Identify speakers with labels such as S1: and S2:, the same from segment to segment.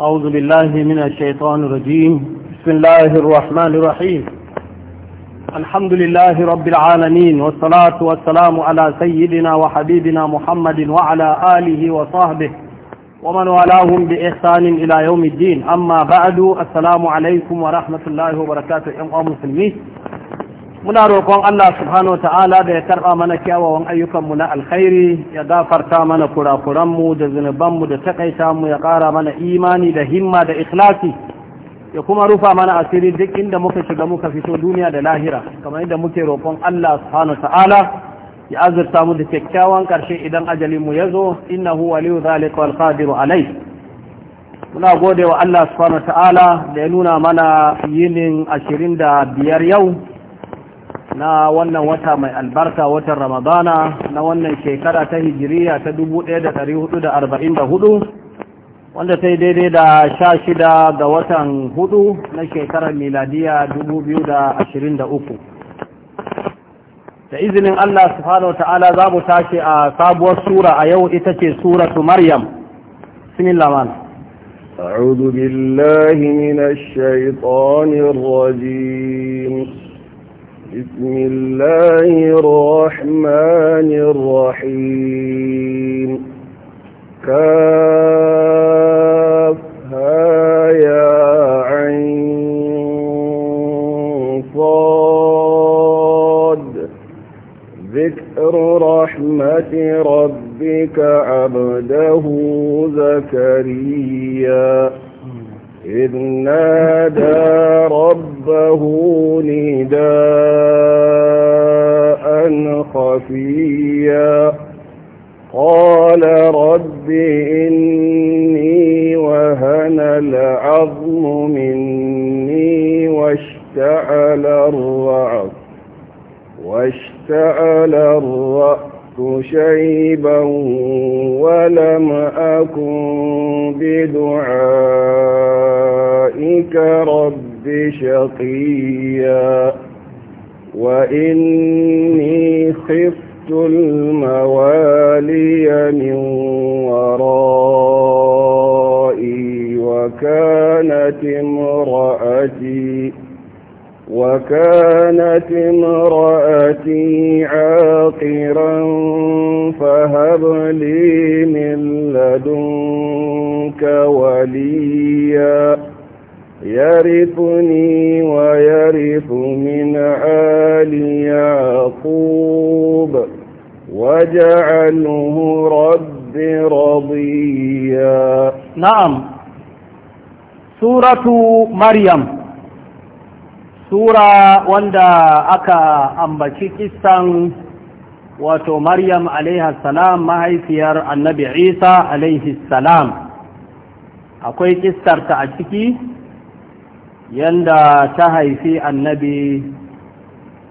S1: أعوذ بالله من الشيطان الرجيم بسم الله الرحمن الرحيم الحمد لله رب العالمين والصلاة والسلام على سيدنا وحبيبنا محمد وعلى آله وصحبه ومن والاهم بإحسان إلى يوم الدين أما بعد السلام عليكم ورحمة الله وبركاته أمام المسلمين muna roƙon Allah subhanahu wa ta'ala da ya karɓa mana kyawawan ayyukanmu na alkhairi ya gafarta mana kurakuranmu da zunubanmu da takaita mu ya ƙara mana imani da himma da ikhlasi ya kuma rufa mana asiri duk inda muka shiga muka fito duniya da lahira kamar yadda muke roƙon Allah subhanahu wa ta'ala ya azurta mu da kyakkyawan ƙarshe idan ajalin mu ya zo innahu waliyu zalika wal qadiru alai muna gode wa Allah subhanahu wa ta'ala da ya nuna mana yinin 25 yau na wannan wata mai albarka watan ramadana na wannan shekara ta hijiriya ta 1444 wanda ta yi daidai da sha shida ga watan hudu na shekarar miladiya 2023 da izinin Allah subhanahu wa ta'ala za mu tashi a sabuwar sura a yau ita ce suratu maryam bismillah man
S2: أعوذ بالله من الشيطان الرجيم بسم الله الرحمن الرحيم كافها يا عين صاد ذكر رحمة ربك عبده زكريا إذ نادى ربه نداء خفيا قال رب إني وهن العظم مني واشتعل الرأس واشتعل الرأس شيبا ولم أكن بدعائي أولئك رب شقيا وإني خفت الموالي من ورائي وكانت امرأتي وكانت امرأتي عاقرا فهب لي من لدنك وليا يرثني ويرث من آل يعقوب واجعله رب رضيا نعم
S1: سورة مريم سورة وندا أكا أمبكي كستان wato maryam alaiha salam mahaifiyar annabi isa alaihi salam akwai kistarta a ciki yanda ta haifi annabi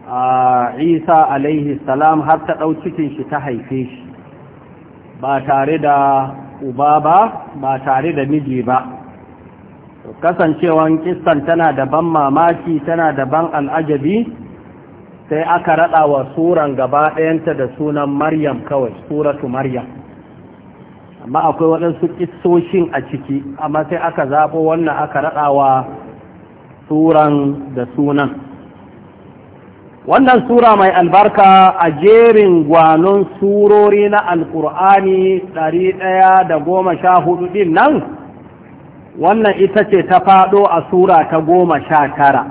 S1: a isa alaihi salam har ta ɗau cikin shi ta haife shi ba tare da uba ba ba tare da miji ba kasancewan kistan tana da ban mamaki tana da ban al'ajabi sai aka raɗa wa suran gaba ɗayanta da sunan maryam kawai suratu maryam amma akwai waɗansu ƙisoshin a ciki amma sai aka zaɓo wannan aka wa. suran da sunan wannan sura mai albarka a jerin gwanon surori na alkur'ani hudu din nan wannan ita ce ta faɗo a sura ta goma sha tara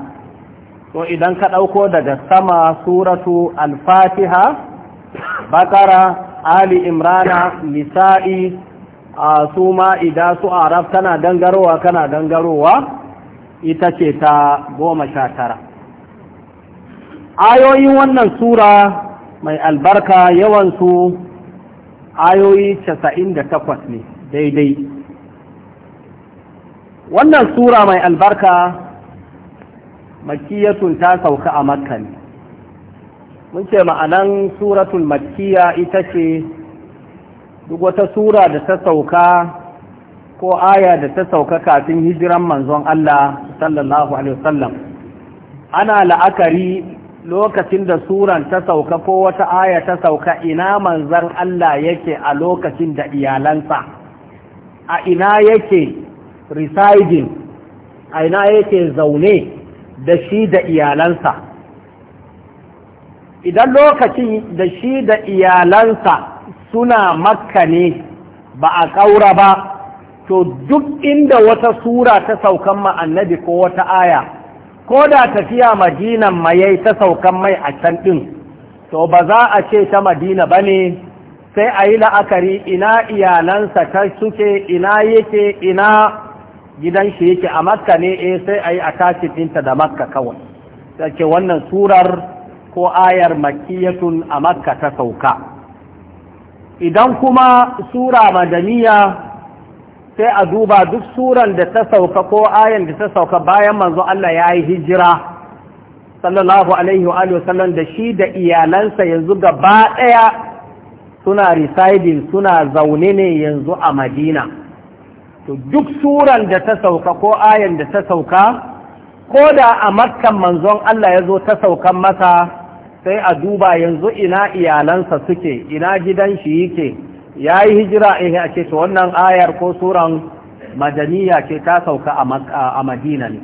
S1: to idan ka ɗauko daga sama suratu alfatiha bakara ali imrana nisa'i a su ma'ida su arab tana dangarowa kana dangarowa ita ce ta goma sha tara ayoyin wannan sura mai albarka yawansu ayoyi casa'in da takwas ne daidai wannan sura mai albarka makiyatun ta sauka a makka ne mun ce ma'anan suratul makiya ita ce duk wata sura da ta sauka ko aya da ta sauka kafin hijiran manzon Allah sallallahu alaihi wasallam ana la'akari lokacin da suran ta sauka ko wata aya ta sauka ina manzon Allah yake a lokacin da iyalansa a ina yake residing a ina yake zaune da shi da iyalansa idan lokacin da shi da iyalansa suna makka ne ba a ƙaura ba to duk inda wata sura ta saukan ma annabi ko wata aya ko da tafiya madinan mayai ta saukan mai a can ɗin to ba za a ce ta madina ba ne sai a yi la'akari ina iyalansa ta suke ina yake ina gidan shi yake a makka ne eh sai a yi a tashi ɗinta da makka kawai sai wannan surar ko ayar makiyatun a makka ta sauka idan kuma sura madaniya sai a duba duk suran da ta sauka ko ayan da ta sauka bayan manzo Allah ya yi hijira sallallahu alaihi wa sallam da shi da iyalansa yanzu gaba ɗaya suna residing suna zaune ne yanzu a madina to duk suran da ta sauka ko ayan da ta sauka ko da a makkan manzon Allah ya zo ta saukan masa sai a duba yanzu ina iyalansa suke ina gidan shi yake ya yi hijira ihe eh, a ce wannan ayar ko suran majaniya ce ta sauka a madina ne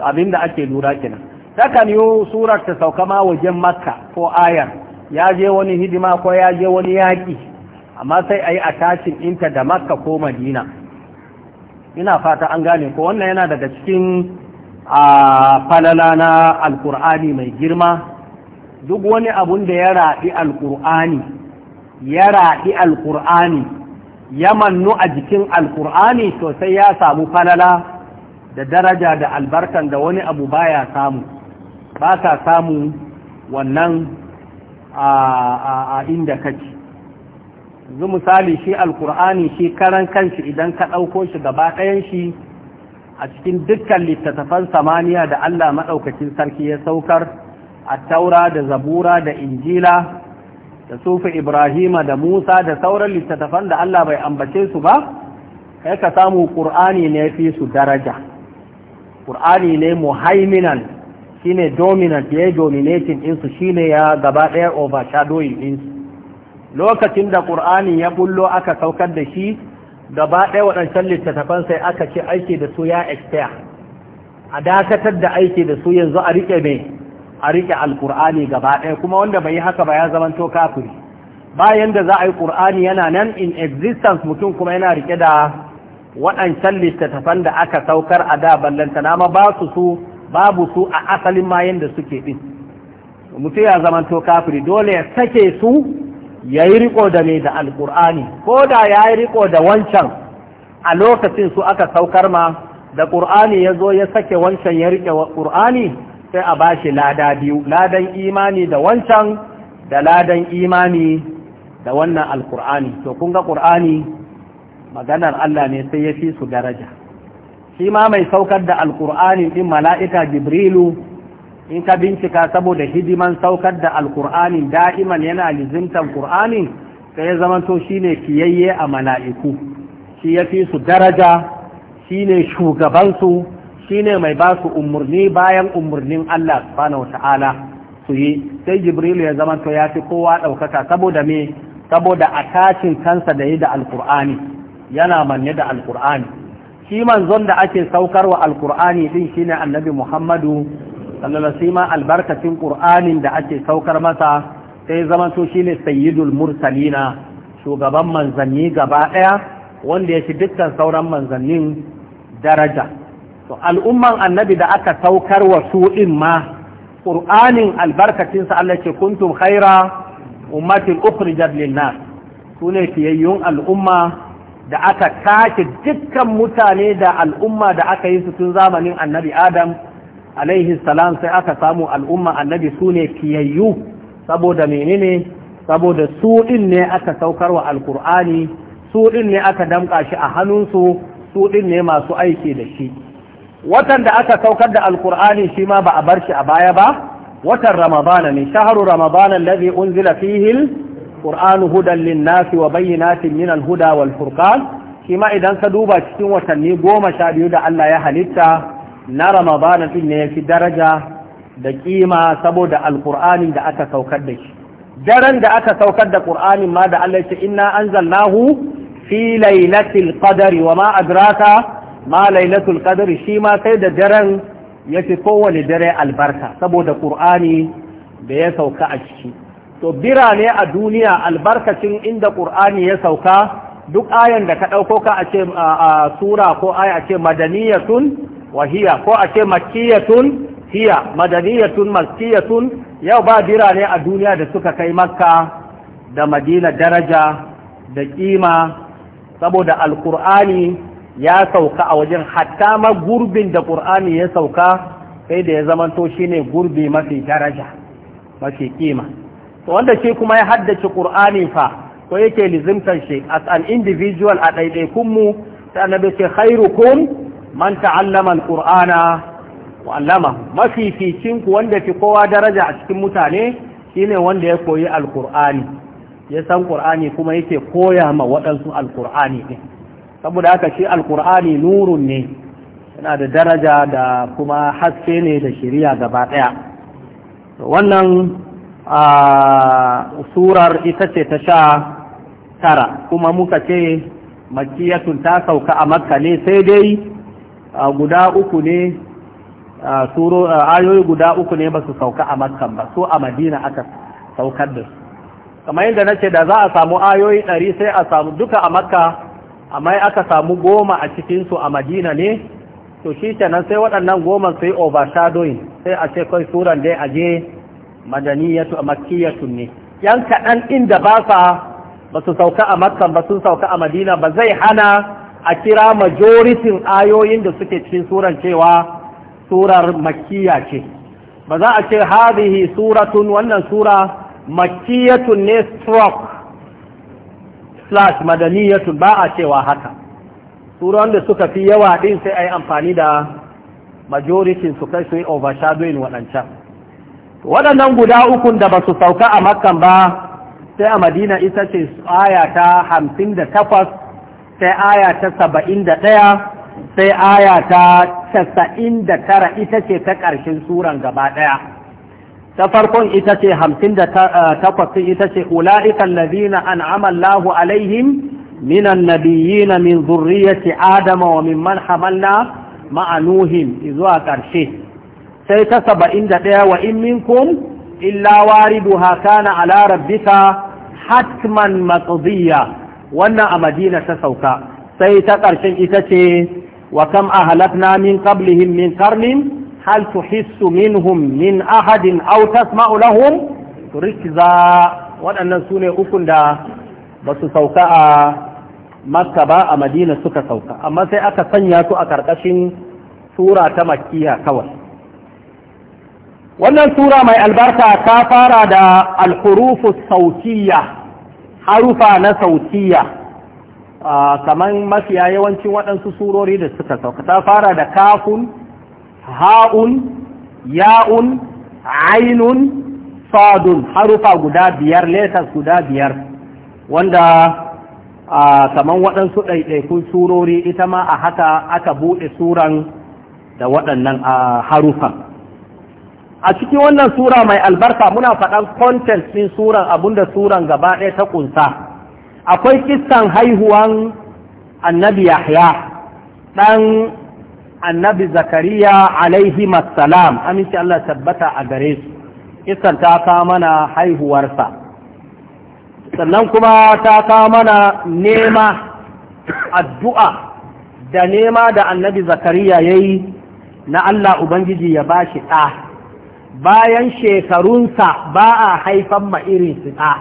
S1: abinda ake lura kenan takan yi surar ta sauka ma wajen makka ko ayar ya je wani hidima ko ya je wani yaƙi amma sai a yi a tashin inta da makka ko madina ina fata an gane ko wannan yana daga cikin a falala na alkur'ani mai girma duk wani abun da ya raɗi alkur'ani ya raɗi alƙur'ani ya mannu a jikin alƙur'ani sosai ya samu falala da daraja da albarkan da wani abu baya samu ba sa samu wannan a inda kaci zu misali shi alƙur'ani shi karan kanshi idan ka ɗauko shi gaba ɗayan shi a cikin dukkan littattafan samaniya da Allah maɗaukacin sarki ya saukar a taura da zabura da injila da sufi ibrahima da musa da sauran littattafan da allah bai ambace su ba kai ka samu ƙur'ani ne fi su daraja ƙur'ani ne muhaiminan shine dominant ya yi dominating ɗinsu shine ya gaba ɗaya overshadowing in lokacin da ƙur'ani ya bullo aka saukar da shi gaba ɗaya waɗancan littattafan sai aka ce aiki da su ya expire a dakatar da aiki da su yanzu a riƙe mai a rike alkur'ani gaba ɗaya kuma wanda bai yi haka ba ya to kafiri bayan da za a yi ƙur'ani yana nan in existence mutum kuma yana rike da waɗancan littattafan da aka saukar a da ballanta nama ma su babu su a asalin ma yanda suke ɗin mutum ya to kafiri dole ya sake su ya yi riko da mai da alƙur'ani ko da ya yi riko da wancan a lokacin su aka saukar ma da ƙur'ani ya zo ya sake wancan ya riƙe ƙur'ani sai a ba shi lada biyu ladan imani da wancan da ladan imani da wannan alkur'ani to kun ga ƙur'ani maganar Allah ne sai ya fi su daraja shi ma mai saukar da alkur'ani ɗin mala'ika jibrilu in ka bincika saboda hidiman saukar da alkur'ani da'iman yana lizimtan kur'ani sai ya zama zamanto shine kiyayye a mala'iku shi ya fi su daraja shine shugabansu shine mai ba su umarni bayan umarnin Allah subhanahu wata'ala su yi sai jibrilu ya zama to ya fi kowa ɗaukaka saboda me saboda attachin kansa da yi da alkur'ani yana manne da alkur'ani shi manzon da ake saukarwa alkur'ani din shine annabi muhammadu sallallahu alaihi albarkacin qur'anin da ake saukar masa sai zama to shine sayyidul mursalina shugaban manzanni gaba daya wanda ya fi dukkan sauran manzannin daraja to al'umman annabi da aka saukar wa su ɗin ma ƙur'anin albarkacinsa Allah ce kuntum khaira ummatin ukhrijat lin-nas sune fiyayyun al'umma da aka kashe dukkan mutane da al'umma da aka yi su tun zamanin annabi adam alaihi salam sai aka samu al'umma annabi ne fiyayyu saboda menene saboda su din ne aka wa alqur'ani su din ne aka damƙa shi a hannunsu su din ne masu aiki da shi watan da aka saukar da alkur'ani shi ma ba a bar shi a baya ba watan ramadana ne shaharu ramadana alladhi unzila fihi alquran hudan linnasi wa bayyinatin min alhuda wal furqan idan ka duba cikin watanni goma sha biyu da Allah ya halitta na ramadana din ne yafi daraja da kima saboda alqur'anin da aka saukar da shi daren da aka saukar da qur'anin ma da Allah ya ce inna anzalnahu fi lailatul qadri wa ma adraka ma lailatul qadr shi ma sai da daren ya fi kowane dare albarka saboda qur'ani da ya sauka a ciki to birane a duniya albarkacin inda qur'ani ya sauka duk ayan da ka dauko ka a ce sura ko aya a ce madaniyatun wa hiya ko a ce makkiyatun hiya madaniyatun makkiyatun yau ba birane a duniya da suka kai makka da madina daraja da kima saboda alqur'ani ya sauka a wajen hatta ma gurbin da ƙur'ani ya sauka sai da ya zamanto shine gurbi mafi daraja mafi kima to wanda shi kuma ya haddace ƙur'ani fa ko yake lizimtar shi as an individual a ɗaiɗaikun mu ta annabi ce kun man ta'allama al-qur'ana wa 'allama mafi fitin ku wanda fi kowa daraja a cikin mutane shine wanda ya koyi al-qur'ani ya san qur'ani kuma yake koya ma waɗansu al-qur'ani din saboda haka shi alkur'ani nurun ne yana da daraja da kuma haske ne da shiriya gaba daya wannan surar ita ce ta sha tara kuma muka ce makiyatun ta sauka a makka ne sai dai guda uku ne ayoyi guda uku ne ba su sauka a makkan ba su a madina aka saukar da su kamar yadda na ce da za a samu ayoyi ɗari sai a samu duka a makka amma aka samu goma a cikinsu a madina ne to shi kenan sai waɗannan goma sai overshadowing sai a ce kai suran dai aje madaniyatu a ne yan kaɗan inda ba sa ba su sauka a makka ba sun sauka a madina ba zai hana a kira majoritin ayoyin da suke cikin suran cewa surar makiya ce ba za a ce hadhihi suratun wannan sura makiyatun ne stroke slash madaniyatu ba a cewa haka turan da suka fi yawa din sai ai amfani da majoritin su kai su yi overshadowing waɗancan waɗannan guda ukun da ba su sauka a makkan ba sai a madina ita ce aya ta hamsin da takwas sai ayata ta saba'in da ɗaya sai ayata ta casa'in da tara ita ce ta ƙarshen suran gaba ɗaya ta farkon ita ce hamsin da eh, takwas ita ce ula'ikan ladina an amallahu alaihim minan nabiyina min zurriyati adama wa mimman hamalna ma'anuhin zuwa ƙarshe sai ta saba'in da ɗaya wa in minkum illa wariduha kana ala rabbika hatman maqdiya wannan a madina ta sauka sai ta ƙarshen ita ce wa kam ahlakna min qablihim min karnin hal tuhissu minhum min ahadin autas ma'ulahum lahum rikza waɗannan su ukun da basu sauka a makka ba a madina suka sauka amma sai aka sanya su a ƙarƙashin sura ta makkiya kawai wannan sura mai albarka ta fara da alhurufu saukiya harufa na sautiya kamar mafiya yawancin waɗansu surori da suka sauka ta fara da kafun ha'un ya'un ainun fadun, harufa guda biyar letters guda biyar wanda a kaman waɗansu ɗaiɗaikun surori ita ma a haka aka buɗe suran da waɗannan harufan a cikin wannan sura mai albarka muna faɗan content ɗin suran abinda suran gaba ɗaya ta ƙunsa akwai kistan haihuwan annabi yahya ɗan annabi zakariya alaihi salam aminci Allah tabbata a gare su isan ta kawo mana haihuwarsa sannan kuma ta kawo mana nema addu'a da nema da annabi zakariya ya yi na Allah Ubangiji ya ba shi ɗa bayan shekarunsa ba a haifan ma su ɗa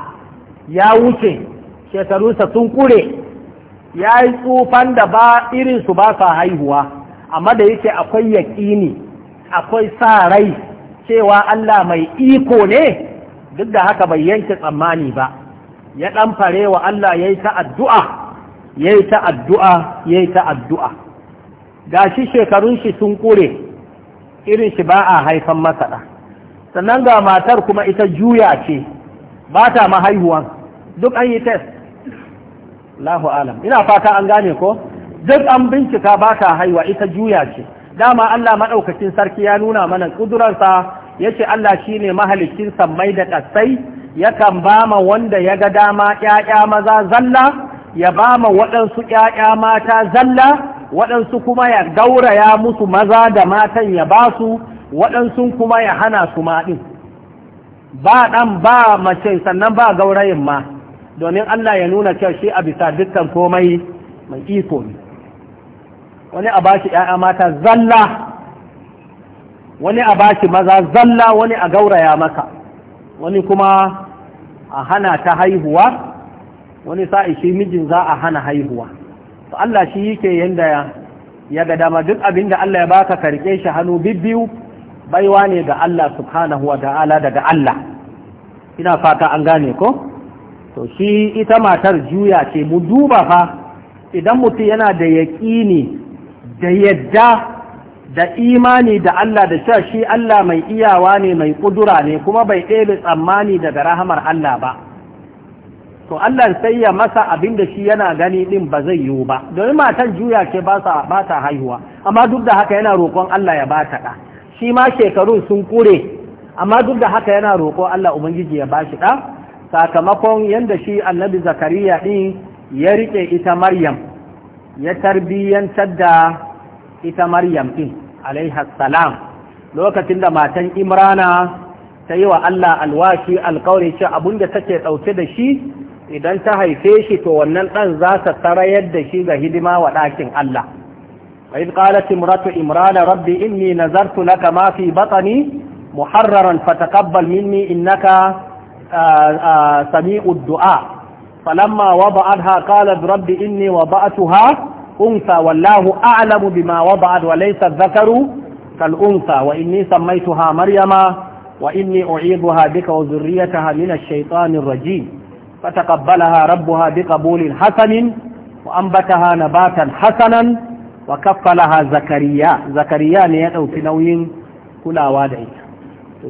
S1: ya wuce shekarunsa sun kure ya yi tsufan da ba irinsu ba sa haihuwa amma da yake akwai yaƙini akwai sa rai cewa Allah mai iko ne duk da haka bai yanke tsammani ba ya ɗan fare wa Allah ya yi ta addu'a ya yi ta ya yi ta addu'a ga shi shekarun shi sun ƙure irin shi ba a haifan masaɗa sannan ga matar kuma ita juya ce ba ta mahaihuwan duk an yi test Allahu alam ina fata an gane ko duk an bincika ba ta haiwa ita juya ce dama Allah maɗaukacin sarki ya nuna mana ƙudurarsa ya ce Allah shi ne mahalicin sammai da ƙasai yakan ba ma wanda ya ga dama ‘ya'ya maza zalla ya ba ma waɗansu ‘ya'ya mata zalla waɗansu kuma ya gauraya musu maza da matan ya ba su waɗansu kuma ya hana su maɗin ba ɗan ba mace sannan ba gaurayin ma domin Allah ya nuna cewa shi a bisa dukkan komai mai iko ne wani a bashi ‘ya'ya mata zalla wani a bashi maza zalla wani a gauraya maka wani kuma a hana ta haihuwa wani sa'i shi mijin za a hana haihuwa to Allah shi yake yanda ya ga dama duk abin da Allah ya baka karke shi hannu bibbiyu baiwa ne ga Allah subhanahu wa ta'ala daga Allah ina fata an gane ko to shi ita matar juya ce mu duba fa idan mutum yana da yaƙini da yadda da imani da Allah da cewa shi Allah mai iyawa ne mai kudura ne kuma bai ɗebe tsammani daga rahamar Allah ba to Allah sai ya masa abin da shi yana gani din ba zai yiwu ba domin matan juya ce ba ta haihuwa amma duk da haka yana roƙon Allah ya ba ta ɗa shi ma shekarun sun kure amma duk da haka yana roƙo Allah ubangiji ya ba shi ɗa sakamakon yadda shi annabi zakariya ɗin ya riƙe ita maryam ya tarbiyyantar da ita maryam din alaiha lokacin da matan imrana ta yi wa Allah alwashi alkawari ce abin da take ɗauke da shi idan ta haife shi to wannan ɗan za ta sarayar da shi ga hidima wa ɗakin Allah wa idh qalat imrana rabbi inni nazartu laka ma fi batni muharraran fataqabbal minni innaka sami'ud du'a falamma wada'atha qalat rabbi inni wada'tuha unsa wallahu a'lamu bima wada'at wa laysa dhakaru kal unsa wa inni sammaytuha maryama wa inni u'idhuha bika wa dhurriyyataha min ash-shaytanir rajim fataqabbalaha rabbuha biqabulin hasanin wa anbataha nabatan hasanan wa kaffalaha zakariya zakariya ne ya dauki nauyin kulawa da ita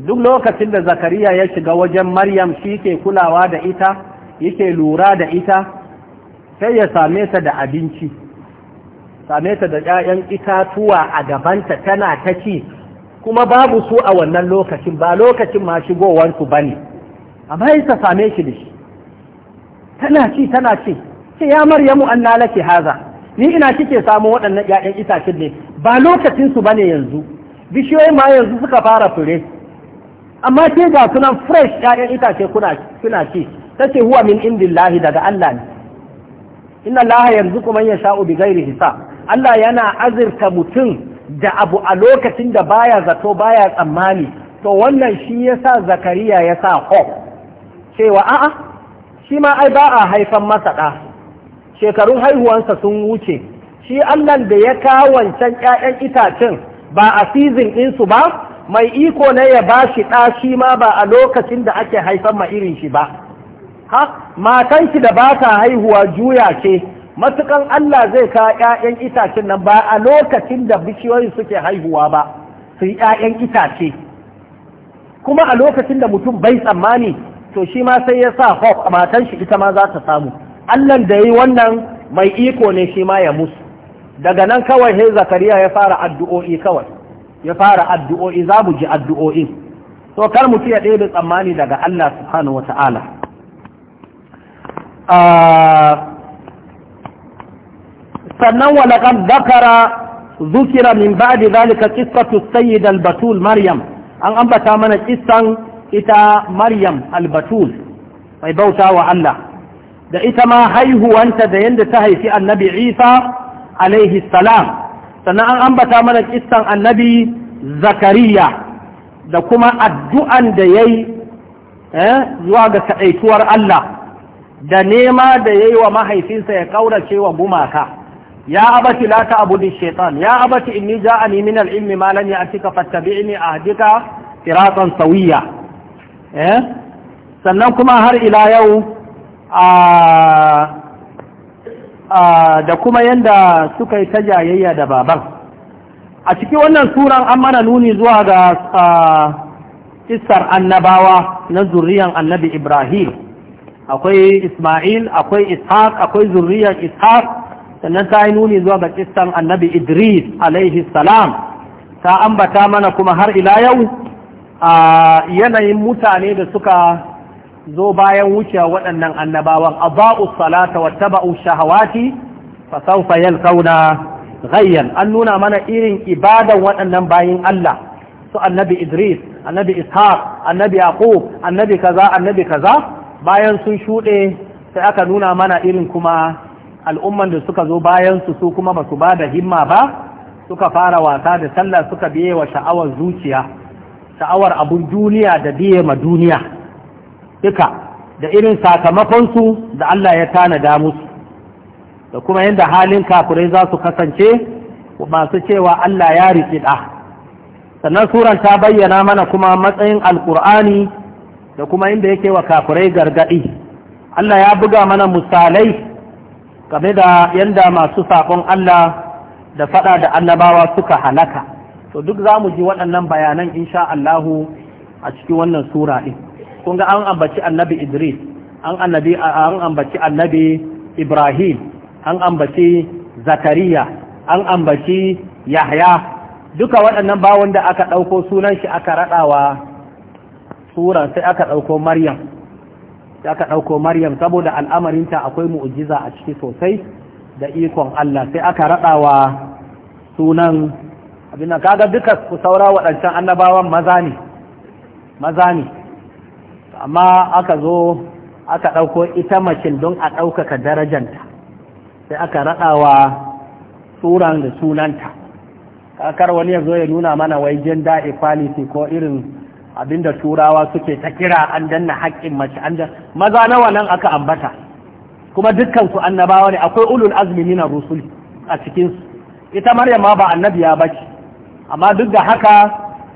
S1: duk lokacin da zakariya ya shiga wajen maryam shi ke kulawa da ita yake lura da ita sai ya same ta da abinci same ta da 'ya'yan itatuwa a gabanta tana ta ci kuma babu su a wannan lokacin ba lokacin ma shigowarsu ba ne amma yin ta same shi da shi tana ci tana ci ce ya maryamu an haza ni ina kike samu waɗannan 'ya'yan itacen ne ba lokacinsu ba ne yanzu bishiyoyi ma yanzu suka fara fure amma ke ga sunan fresh 'ya'yan itace kuna ci ta ce huwa min indillahi daga Allah ne inna Allah yanzu kuma ya sha'u bi gairi hisab Allah yana azirta mutum da abu a lokacin da baya zato baya tsammani to wannan shi yasa zakariya ya sa hof cewa a'a shi ma ai ba a haifan masa ɗa shekarun haihuwansa sun wuce shi Allah da ya kawo 'ya'yan ƴaƴan itacen ba a season ɗinsu ba mai iko na ya ba shi ɗa shi ma ba a lokacin da ake haifan ma irin shi ba ha matanki da ba ta haihuwa juya ce matukan Allah zai sa ‘ya'yan itacen nan ba a lokacin da bishiyoyin suke haihuwa ba su yi ‘ya'yan itace kuma a lokacin da mutum bai tsammani to shi ma sai ya sa a matan shi ita ma za ta samu Allah da yi wannan mai iko ne shi ma ya musu daga nan kawai he zakariya ya fara addu'o'i kawai ya fara addu'o'i za mu ji addu'o'i to kar mutum ya ɗebe tsammani daga Allah subhanahu wa ta'ala ah, sannan walaƙar zakara zukira min ba'di zalika qissatu sayyid al-batul maryam an ambata mana kissan ita maryam al-batul mai bauta wa Allah da ita ma haihuwanta da yanda ta haifi annabi Isa alaihi salam sannan an ambata mana kissan annabi zakariya da kuma addu'an da yayi eh, zuwa ga kaɗaituwar Allah da nema da yayi wa mahaifinsa ya ƙaurace wa gumaka ya abati la ta'budu shaytan ya abati inni ja'ani min al-ilmi ma lam ya'tika fattabi'ni ahdika siratan sawiyya eh sannan kuma har ila yau a da kuma yanda suka yi ta jayayya da baban a cikin wannan suran an mana nuni zuwa ga isar annabawa na zuriyan annabi ibrahim akwai isma'il akwai ishaq akwai zuriyan ishaq sannan ta yi nuni zuwa ga kistan annabi idris alaihi salam ta ambata mana kuma har ila yau a yanayin mutane da suka zo bayan wuce waɗannan annabawan aba'u salata wa taba'u shahawati fa sawfa yalqawna ghayyan an nuna mana irin ibadan waɗannan bayin Allah su annabi idris annabi ishaq annabi yaqub annabi kaza annabi kaza bayan sun shuɗe sai aka nuna mana irin kuma al'umman da suka zo bayan su su kuma ba su ba da himma ba suka fara wasa da sallah suka biye wa sha'awar zuciya sha'awar abun duniya da biye ma duniya duka da irin sakamakonsu da Allah ya tanada musu da kuma yadda halin kafirai za su kasance masu cewa Allah ya rikida sannan suran ta bayyana mana kuma matsayin alkur'ani da kuma inda yake wa kafirai gargadi Allah ya buga mana misalai game da yanda masu sakon Allah da faɗa da annabawa suka halaka to duk za mu ji waɗannan bayanan insha Allahu a cikin wannan sura ɗin kun ga an ambaci annabi Idris an annabi an ambaci annabi Ibrahim an ambaci Zakariya an ambaci Yahya duka waɗannan bawon da aka ɗauko sunan shi aka raɗawa sura sai aka ɗauko Maryam sai aka ɗauko maryam saboda al'amarinta akwai mu'ujiza a ciki sosai da ikon Allah sai aka raɗawa sunan abin da kaga duka ku saura waɗancan annabawan maza ne maza ne amma aka zo aka ɗauko ita macin don a ɗaukaka darajanta sai aka raɗawa suran da sunanta kakar wani ya zo ya nuna mana wai jin da'i equality ko irin abinda turawa suke ta kira an danna haƙƙin mace an da maza nawa nan aka ambata kuma dukkan su annabawa ne akwai ulul azmi min rusul a cikin su ita maryama ma ba annabiya bace amma duk da haka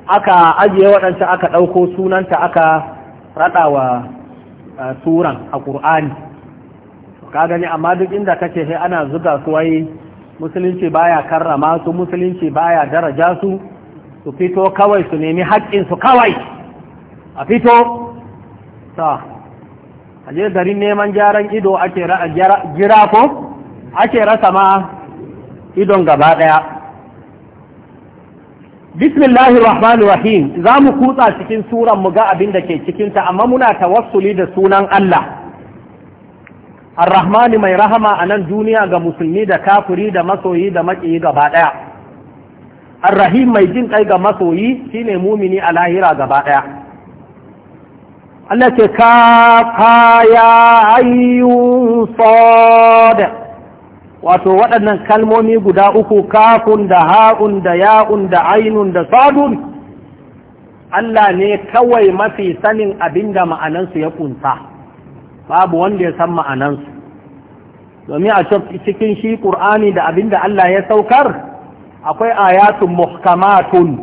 S1: aka ajiye waɗanta aka ɗauko sunanta aka raɗa wa suran a ƙur'ani ka gani amma duk inda kace sai ana zuga su wai musulunci baya karrama su musulunci baya daraja su su fito kawai su nemi su kawai a fito ta aje garin neman gyaran ido ake jira ko ake rasa ma idon gaba ɗaya bismillah rahim za mu kutsa cikin suran mu ga abin da ke cikinta amma muna tawassuli da sunan Allah ar-rahmani mai rahama a nan duniya ga musulmi da kafuri da masoyi da maƙiyi gaba ɗaya arrahim mai jin ɗaya ga masoyi shine mumini a lahira gaba ɗaya. Allah ce ka kaya ayyun sada wato waɗannan kalmomi guda uku kafun da ha'un da ya'un da ainun da sadun Allah ne kawai mafi sanin abinda ma'anansu ya kunsa babu wanda ya san ma'anansu domin a cikin shi ƙur'ani da abinda Allah ya saukar akwai ayatun muhkamatun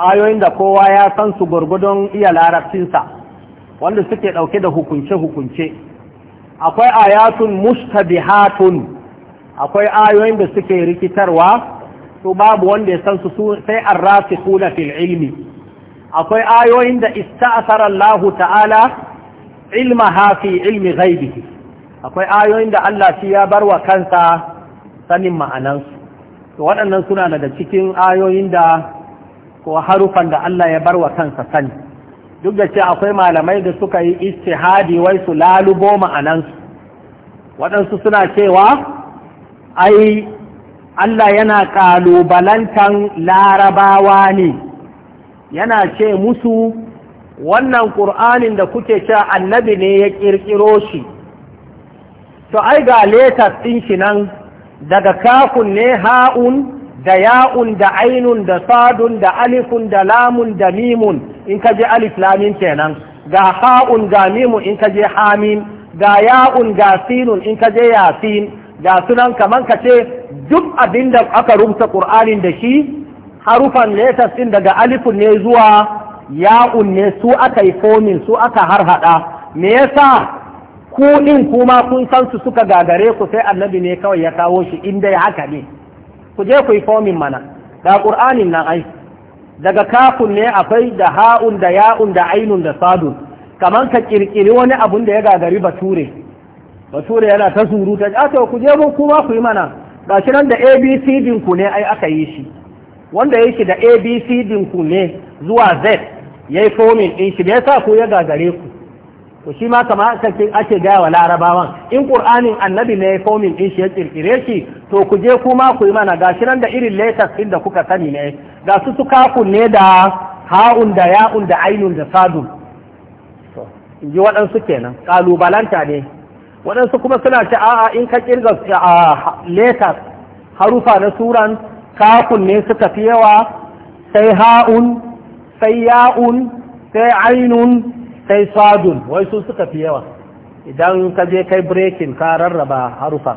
S1: ayoyin da kowa ya san su gurgudun iya larabcinsa wanda suke ɗauke da hukunce-hukunce akwai ayatun mustabihatun akwai ayoyin da suke rikitarwa su babu wanda ya san su sai an rasu kula fil ilmi akwai ayoyin da ista'asar Allah ta'ala ilma hafi ilmi gaibi akwai ayoyin da Allah shi ya bar wa kansa sanin ma'anansu to waɗannan suna daga cikin ayoyin da ko harufan da Allah ya bar wa kansa sani duk da ce akwai malamai da suka yi istihadi wai su lalubo ma'anansu waɗansu suna cewa ai Allah yana ƙalubalantan larabawa ne yana ce musu wannan ƙur'anin da kuke cewa annabi ne ya ƙirƙiro shi to ai ga letas ɗin shi nan daga kafun ne ha'un da ya'un da ainun da sadun da alifun da lamun da mimun in ka je alif lamin kenan ga ha'un ga mimun in ka je hamin ga ya'un ga sinun in ka je yasin ga sunan kamar ka ce duk abin da aka rumta ƙur'anin da shi harufan letas ɗin daga alifun ne zuwa ya'un ne su aka yi fomin su aka harhaɗa me yasa Kuɗin kuma kun san su suka gagare ku sai annabi ne kawai ya kawo shi in dai haka ne ku je ku yi fomin mana da qur'anin nan ai daga kafun ne akwai da ha'un da ya'un da ainun da sadun Kamar ka ƙirƙiri wani abun da ya gagari bature bature yana ta ta, a ah, to ku je mun kuma ku yi mana shi nan da abc ku ne ai aka yi shi wanda yake da abc din ku ne zuwa z yayi fomin din shi me yasa ku ya gagare ku to shi ma kama ake gaya wa larabawan in ƙur'anin annabi ne ya komin in shi ya ƙirƙire shi to ku je kuma ku yi mana gashi nan da irin latest din da kuka sani ne ga su ku ne da ha'un da ya'un da ainun da sadun in ji waɗansu kenan ƙalubalanta ne waɗansu kuma suna ce a'a in ka kirga latest harufa na suran kakun ne suka fi yawa sai ha'un sai ya'un sai ainun sai sadun wai su suka fi yawa idan ka je kai breaking ka rarraba harufa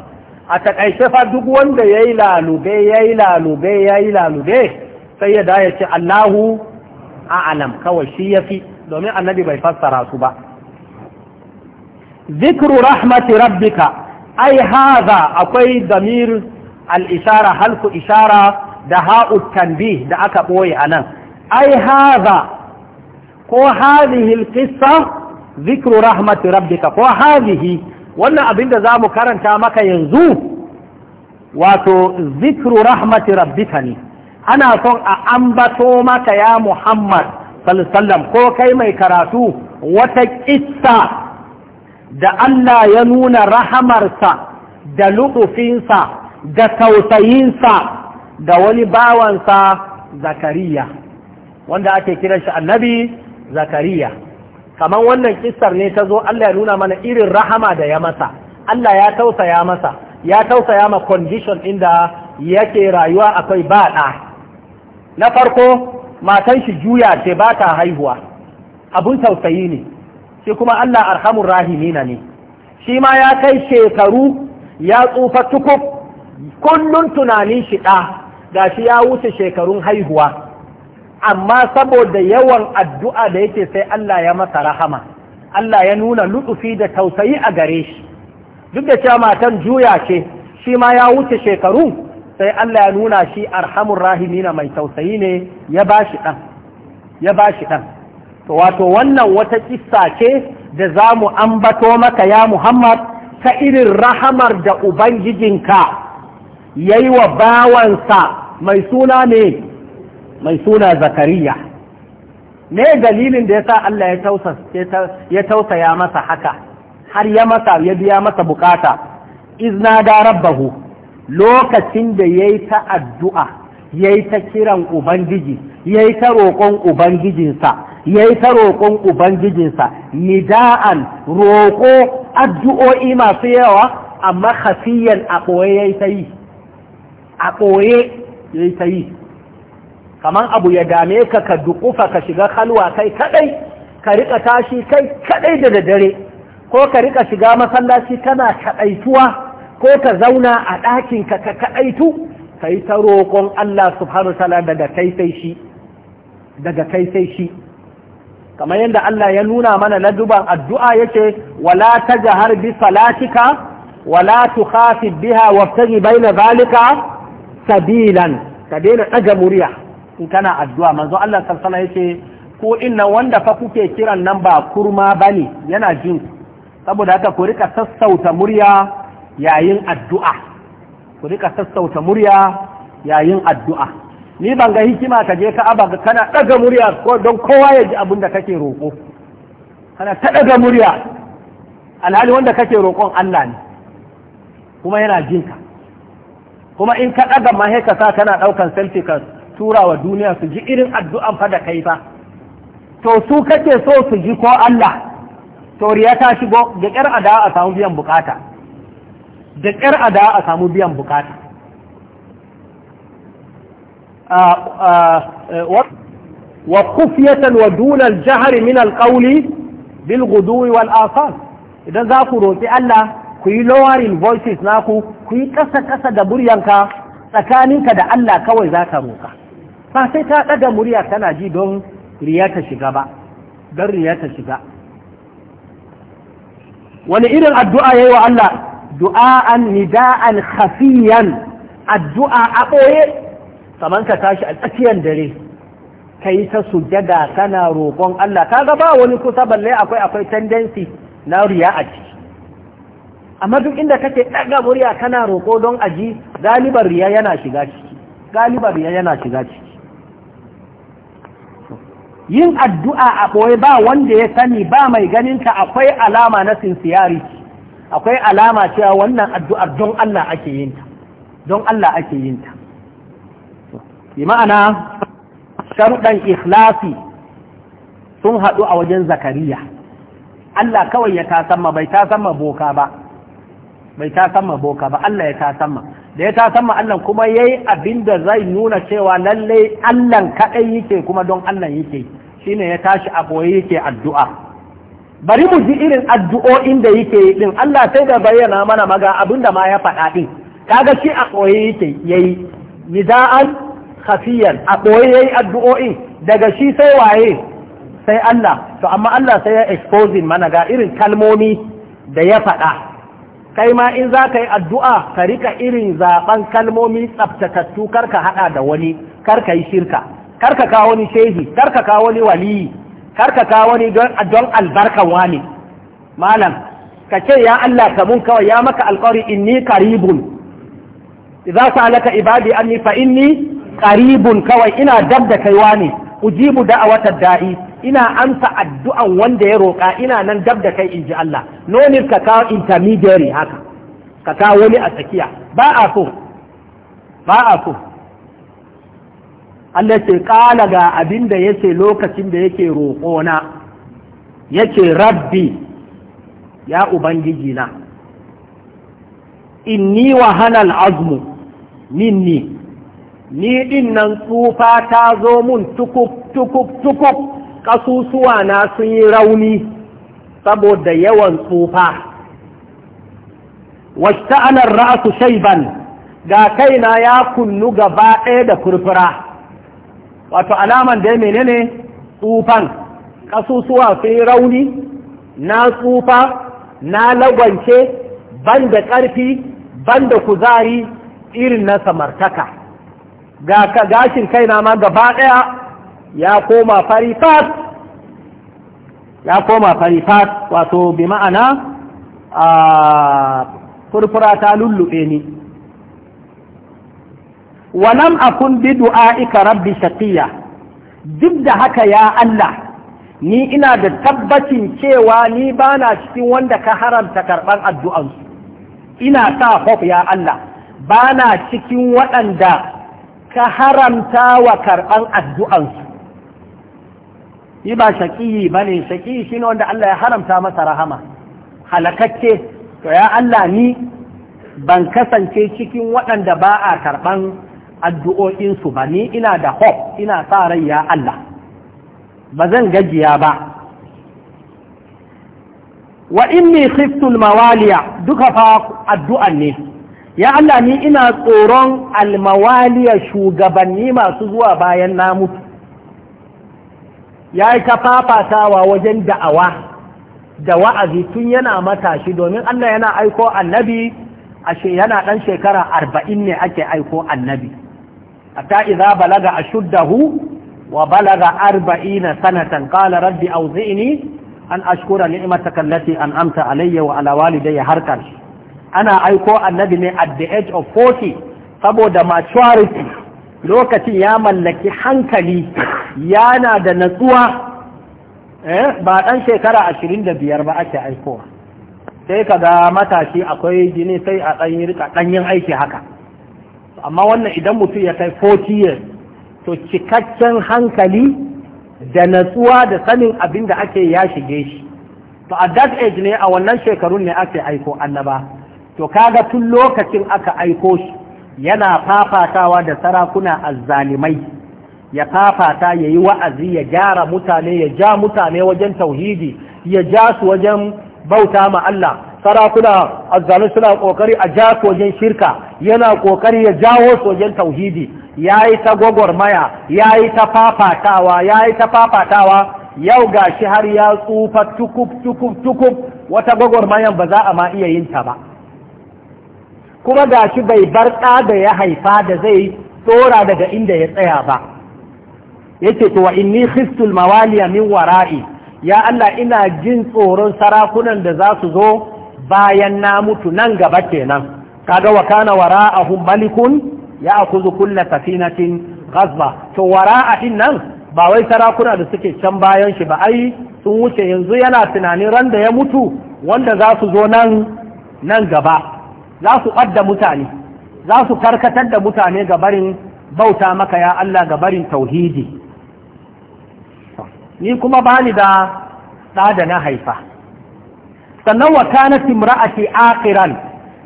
S1: a takaice fa duk wanda ya yi lalube ya yi lalube ya yi lalube sai ya daya ce allahu alam kawai shi ya fi domin annabi bai fassara su ba zikru rahmati rabbika ai haza akwai damir al-ishara halku ishara da ha'u tanbih da aka boye anan ai haza ko hadhihi alqissa zikru rahmati rabbika ko hadhihi wannan abinda zamu karanta maka yanzu wato zikru rahmati rabbika ne ana son a ambato maka ya Muhammad sallallahu ko kai mai karatu wata kissa da Allah ya nuna rahamarsa da lutufinsa da tausayinsa da wani bawansa zakariya wanda ake kiran shi annabi zakariya kamar wannan kissar ne ta zo Allah ya nuna mana irin rahama da ya masa Allah ya tausaya masa ya tausaya ma condition inda yake rayuwa akwai ba ɗa na farko matan shi juya ce ba ta haihuwa abun tausayi ne shi kuma Allah arhamur rahimina ne shi ma ya kai shekaru ya tsufa tukuf kullun tunanin shi ɗa shi ya wuce shekarun haihuwa amma saboda yawan addu'a da yake sai Allah ya masa rahama Allah ya nuna lutsufi da tausayi a gare shi duk da cewa matan juya ce shi ma ya wuce shekaru sai Allah ya nuna shi arhamun rahimina mai tausayi ne ya ba shi ɗan ya ba shi ɗan wato wannan wata kissa ce da za mu ambato maka ya Muhammad ta irin rahamar da Ubangijinka ya yi wa bawansa mai suna ne mai suna zakariya me dalilin da ya sa Allah ya tausaya masa haka har ya masa ya biya masa bukata izna da rabbahu lokacin da ya yi ta addu'a ya yi ta kiran ubangiji ya yi ta roƙon ubangijinsa ya yi ta roƙon ubangijinsa nida'an roƙo addu'o'i masu yawa amma hafiyan a ɓoye ya yi ta yi a ɓoye ya yi ta yi kamar abu ya dame ka ka dukufa ka shiga halwa kai kadai ka rika tashi kai kadai da daddare ko ka rika shiga masallaci kana kadaituwa ko ka zauna a ɗakin ka ka kadaitu ka yi ta roƙon Allah subhanahu ta'ala daga kai sai shi daga kai sai shi kamar yadda Allah ya nuna mana na duban addu'a yake wala tajhar bi salatika wala tukhafid biha wabtaghi baina zalika sabilan ka daina ɗaga murya in kana addu'a manzo Allah sallallahu yace ko inna wanda fa kuke kiran nan ba kurma bane yana jin saboda haka ku rika sassauta murya yayin addu'a ku rika sassauta murya yayin addu'a ni ban ga hikima ka je ka abaga kana daga murya ko don kowa ya ji abin da kake roƙo kana ta daga murya alhali wanda kake roƙon Allah ne kuma yana jinka kuma in ka daga ma ka sa kana daukan selfie tura wa duniya su ji irin addu'an fa da kai fa to su kake so su ji ko Allah to riya ta shigo da ƙyar ada a samu biyan bukata da ƙyar ada a samu biyan bukata e, wa kufiyatan wa dunal jahari min alƙauli bil guduwi wal asal idan za ku roƙi Allah ku yi lowering voices naku ku yi ƙasa ƙasa da buryanka tsakaninka da Allah kawai za ka roƙa ba sai ta ɗaga murya tana ji don riya ta shiga ba don riya ta shiga wani irin addu'a ya yi wa Allah du'a'an nida'an khafiyan addu'a a ɓoye kamar ka tashi a tsakiyar dare ka yi ta sujada tana roƙon Allah ta gaba wani kusa balle akwai akwai tendensi na riya a ciki amma duk inda kake ɗaga murya tana roƙo don aji galibar riya yana shiga ciki galibar riya yana shiga ciki yin addu'a a ɓoye ba wanda ya sani ba mai ganinta akwai alama na sinsiyari akwai alama cewa wannan addu'ar don Allah ake yin ta don Allah ake yin ta ma'ana sharuɗan ikhlasi sun haɗu a wajen zakariya Allah kawai ya tasamma bai tasamma boka ba bai tasamma boka ba Allah ya tasamma da ya tasamma Allah kuma yayi abinda zai nuna cewa lallai Allah kaɗai yake kuma don Allah yake shine ya tashi a ɓoye yake addu'a bari mu ji irin addu'o'in da yake yi ɗin Allah sai da bayyana mana maga abinda ma ya faɗa ɗin kaga shi a ɓoye yake ya yi nida'an hafiyan a ɓoye ya addu'o'in daga shi sai waye sai Allah to amma Allah sai ya exposing mana ga irin kalmomi da ya faɗa kai ma in za ka yi addu'a ka rika irin zaɓen kalmomi tsabtakattu karka haɗa da wani karka yi shirka karka kawo wani shehi karka kawo wani waliyi karka kawo wani don albarkan wani malam ka ce ya Allah ka mun kawai ya maka alƙawari inni karibun idza sa'alaka ibadi anni fa inni karibun kawai ina dab da kai wani ujibu da'awatad da'i ina amsa addu'an wanda ya roƙa ina nan dab da kai inji Allah no need ka kawo intermediary haka ka kawo wani a tsakiya ba a so ba a so Allah ce kala ga abinda da yake lokacin da yake roƙona yake rabbi ya ubangiji na inni wa hanal azmu minni ni din nan tsufa ta zo mun tukuk-tukuk-tukuk, kasusuwa na sun yi rauni saboda yawan tsufa wasta anar ra'su shayban ga kaina ya kunnu gaba ɗaya da furfura wato alaman da ya menene tsufan ƙasusuwa sun yi rauni na tsufa na lagwance ban da ƙarfi ban da kuzari irin na samartaka gashin gashin kaina ma gaba ɗaya ya koma fari fat ya koma fari fat wato bi ma'ana a furfura ta lullube ni walam akun bi du'a'ika rabbi shaqiya duk da haka ya Allah ni ina da tabbacin cewa ni bana cikin wanda ka haramta karban addu'ansu ina sa hof ya Allah bana cikin waɗanda ka haramta wa karɓan addu'ansu yi ba yi ba ne shaƙi shi ne wanda Allah ya haramta masa rahama halakakke to ya Allah ni ban kasance cikin waɗanda ba a karɓan addu'o'insu ba ni ina da hop ina sa rai ya Allah ba zan gajiya ba wa inni khiftul mawaliya duka fa addu'an ne ya Allah ni ina tsoron almawaliya shugabanni masu zuwa bayan na mutu ya yi ta fafatawa wajen da'awa da wa'azi tun yana matashi domin Allah yana aiko annabi ashe yana ɗan shekara arba'in ne ake aiko annabi A ta'iza balaga a shuddahu wa balaga arba'ina sanatan Kala rabbi awzi'ni an ashkura ni'mataka an an'amta alayya wa ala walidayya har karshe ana aiko annabi ne at the age of 40 saboda maturity lokacin ya mallaki hankali yana da natsuwa eh, ba ɗan shekara ashirin ba ake aikowa sai kaga matashi akwai jini sai a ɗanyi rika aiki haka amma wannan idan mutum ya kai 40 years to cikakken hankali da natsuwa da sanin abin da ake ya shige shi to a that age ne a wannan shekarun ne ake aiko annaba to kaga tun lokacin aka aiko shi yana fafatawa da sarakuna azzalimai ya fafata yayi wa'azi ya gyara mutane ya ja mutane wajen tauhidi ya ja su wajen bauta ma Allah sarakuna azzalimai suna kokari a ja su wajen shirka yana kokari ya jawo su wajen tauhidi yayi ta gwagwarmaya ya yi ta fafatawa ya yi ta fafatawa yau gashi har ya tsufa tukub tukub tukub wata gwagwarmayan ba za a ma iya yin ta ba kuma ga shi bai bar ɗa da ya haifa da zai tsora daga inda ya tsaya ba yake to wa inni khistul mawaliya min wara'i ya Allah ina jin tsoron sarakunan da za su zo bayan na mutu nan gaba kenan kaga wa kana wara'ahum malikun ya akuzu kulla safinatin ghazba to wara'a din nan ba wai sarakuna da suke can bayan shi ba ai sun wuce yanzu yana tunanin ran da ya mutu wanda za su zo nan nan gaba za su ɓadda mutane za su karkatar da mutane ga barin bauta maka ya Allah ga barin tauhidi ni kuma bani da ɗada na haifa sannan wa a ke akiran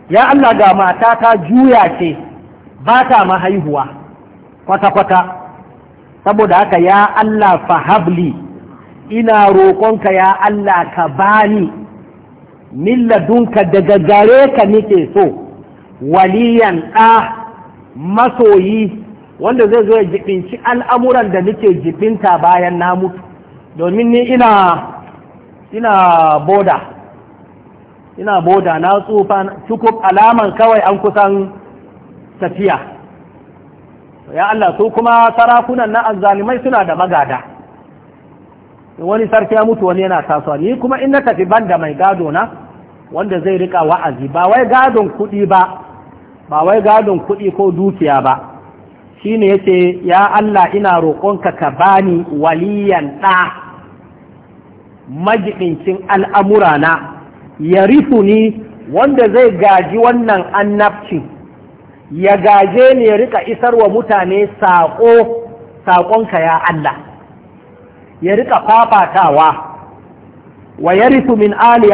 S1: ya Allah ga mata ta juya ce ba ta mahaihuwa kwata kwata saboda haka ya Allah fahabli ina roƙonka ya Allah ka bani Milla dunka daga gare ka nike so waliyan ɗa masoyi wanda zai zo ya jibinci al'amuran da nike jibinta bayan na mutu domin ni ina ina boda ina boda na tsufa cukup alaman kawai an kusan tafiya ya Allah su kuma sarakunan na azzalimai suna da magada wani sarki ya mutu wani yana tasowa ni kuma in na tafi ban da mai gado na wanda zai rika wa'azi ba wai gadon kuɗi ba ba wai gadon kuɗi ko dukiya ba shine yace ya Allah ina roƙonka ka bani waliyan ɗa majiɗincin al'amurana ya ni wanda zai gaji wannan annabci ya gaje ne ya rika wa mutane saƙo saƙonka ya Allah ya rika fafatawa wa ya rifu min ali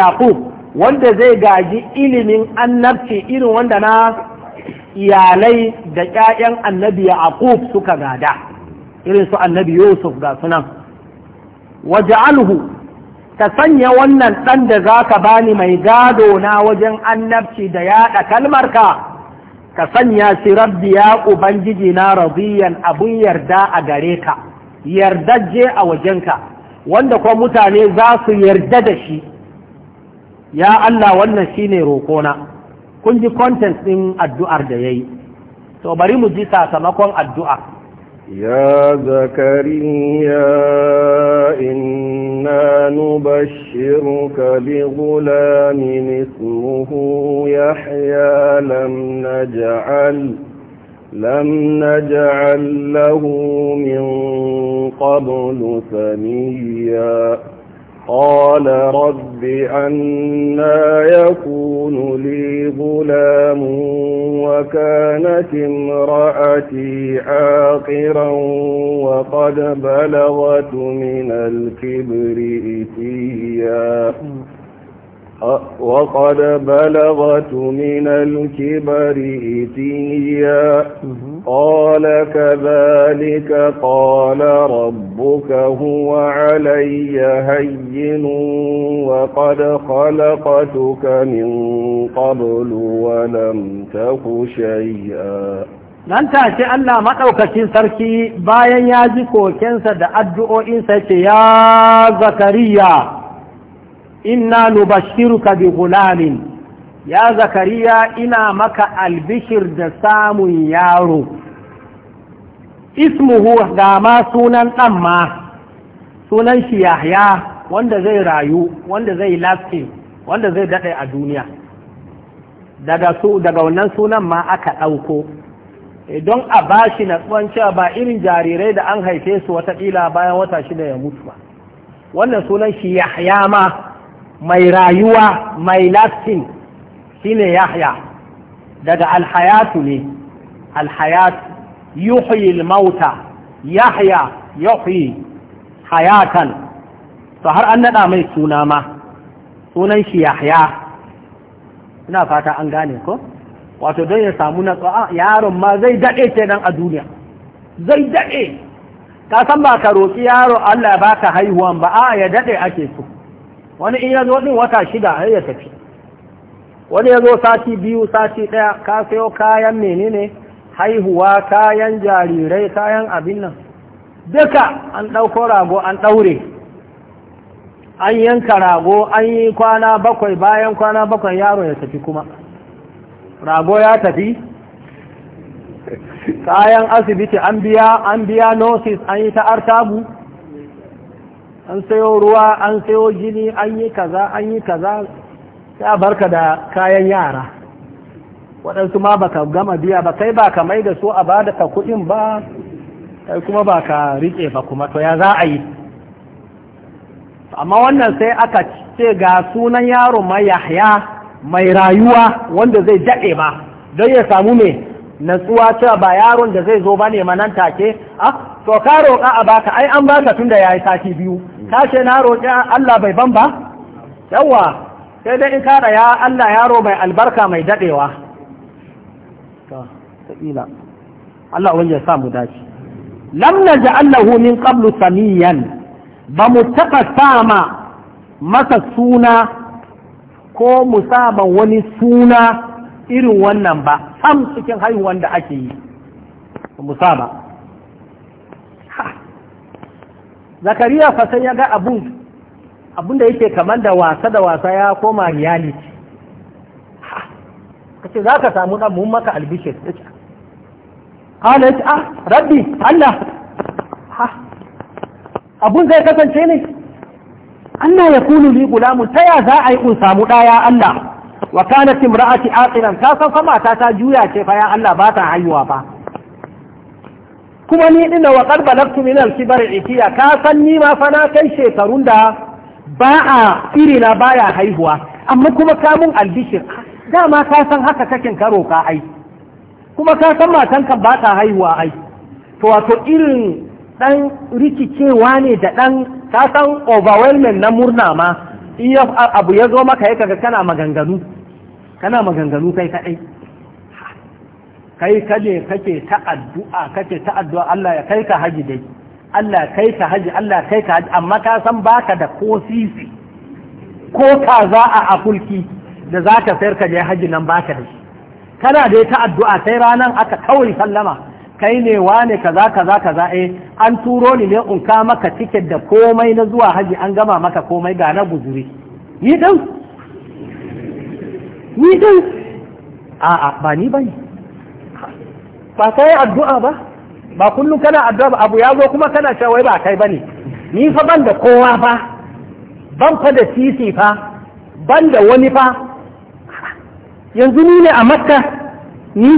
S1: wanda zai gaji ilimin annabci irin wanda na iyalai da ƴaƴan annabi yaqub suka gada irin su annabi yusuf ga sunan alhu ka sanya wannan ɗan da za ka bani mai gado na wajen annabci da yaɗa kalmarka ka sanya shi rabbi ya ubangiji na rabiyan abin yarda a gare ka yardajje a wajenka wanda kuma mutane za su yarda da shi ya Allah wannan shine roƙona kun ji content ɗin addu'ar da yayi to bari mu ji sakamakon addu'a
S2: ya zakariya inna nubashshiruka bi ghulamin ismuhu yahya lam naj'al لم نجعل له من قبل سميا قال رب أنا يكون لي غلام وكانت امرأتي عاقرا وقد بلغت من الكبر إتيا وقد بلغت من الكبر إتيا قال كذلك قال ربك هو علي هين وقد خلقتك من قبل ولم تك
S1: شيئا nan take Allah maɗaukacin sarki bayan ya ji kokensa da addu'o'insa ce ya zakariya inna nubashiruka bi gulamin ya zakariya ina maka albishir da samun yaro ismuhu ga ma sunan ɗan ma sunan shi yahya wanda zai rayu wanda zai lafi wanda zai daɗe a duniya daga su daga wannan sunan ma aka ɗauko don a bashi natsuwan cewa ba irin jarirai da an haife su wataƙila bayan wata shida ya mutu ba wannan sunan shi yahya ma mai rayuwa mai lasting shine yahya daga alhayatu ne alhayat yuhyi mauta yahya yuhyi hayatan to har an nada mai suna ma sunan shi yahya ina fata an gane ko wato don ya samu na yaron ma zai daɗe ce nan a duniya zai daɗe ka san ba ka roƙi yaro Allah ya baka haihuwan ba a ya daɗe ake so wani in ya zo ɗin wata shida har ya tafi wani ya zo sati biyu sati ɗaya ka sayo kayan menene haihuwa kayan jarirai kayan abin nan duka an ɗauko rago an ɗaure an yanka rago an yi kwana bakwai bayan kwana bakwai yaro ya tafi kuma rago ya tafi kayan asibiti an biya an biya nosis an yi ta tabu an sayo ruwa an sayo jini an yi kaza an yi kaza sai a barka da kayan yara waɗansu ma baka gama biya ba kai ba ka mai da su a bada ka kuɗin ba kai kuma ba ka riƙe ba kuma to ya za a yi amma wannan sai aka ce ga sunan yaro mai yahya mai rayuwa wanda zai daɗe ba don ya samu mai natsuwa ce ba yaron da zai zo ba ne manan take ah to ka roƙa a baka ai an baka tun da ya yi sati biyu ka ce na roƙi Allah bai ban ba yawa sai dai in kada ya Allah yaro bai albarka mai daɗewa. to Allah wanda ya samu dace lam naj'alahu min qablu samiyan ba mu taɓa sama masa suna ko mu saba wani suna irin wannan ba sam cikin haihuwan da ake yi mu saba zakariya fa sai ya ga abun abinda yake kamar da wasa da wasa ya koma reality kace za ka samu ɗan mun maka albishir ƙala ya ce ah rabbi Allah abun zai kasance ne Allah ya kunu li gulamun ta ya za a yi kun samu ɗaya Allah wa kana timra'ati aqiran ta san fama ta ta juya ce fa ya Allah ba ta haihuwa ba kuma ni dinna wa qad balagtu min al kibari itiya ka san ni ma fa na kai shekarun da ba a irina baya haihuwa amma kuma kamun albishir dama ka san haka kakin karo ka ai kuma ka san matanka ba ta haihuwa ai to wato irin dan rikicewa ne da dan ka san overwhelming na murna ma in abu ya zo maka yaka kana maganganu kana maganganu kai kadai kai kaje kake ta'addu'a? kake ta addu'a Allah ya kai ka haji dai Allah kai ka haji Allah kai ka haji amma ka san baka da ko sisi ko ka za a afulki da za ka sayar ka je haji nan baka da kana da ta addu'a sai ranan aka kawai sallama kai ne wane kaza kaza kaza eh an turo ni ne unka maka tiket da komai na zuwa haji an gama maka komai ga na guzuri ni dan ni dan a'a ba ni bane ba sai addu'a ba ba kullum kana addu'a abu ya zo kuma kana cewa wai ba kai bane ni fa ban da kowa fa ban fa da sisi fa ban da wani fa yanzu ni ne a makka ni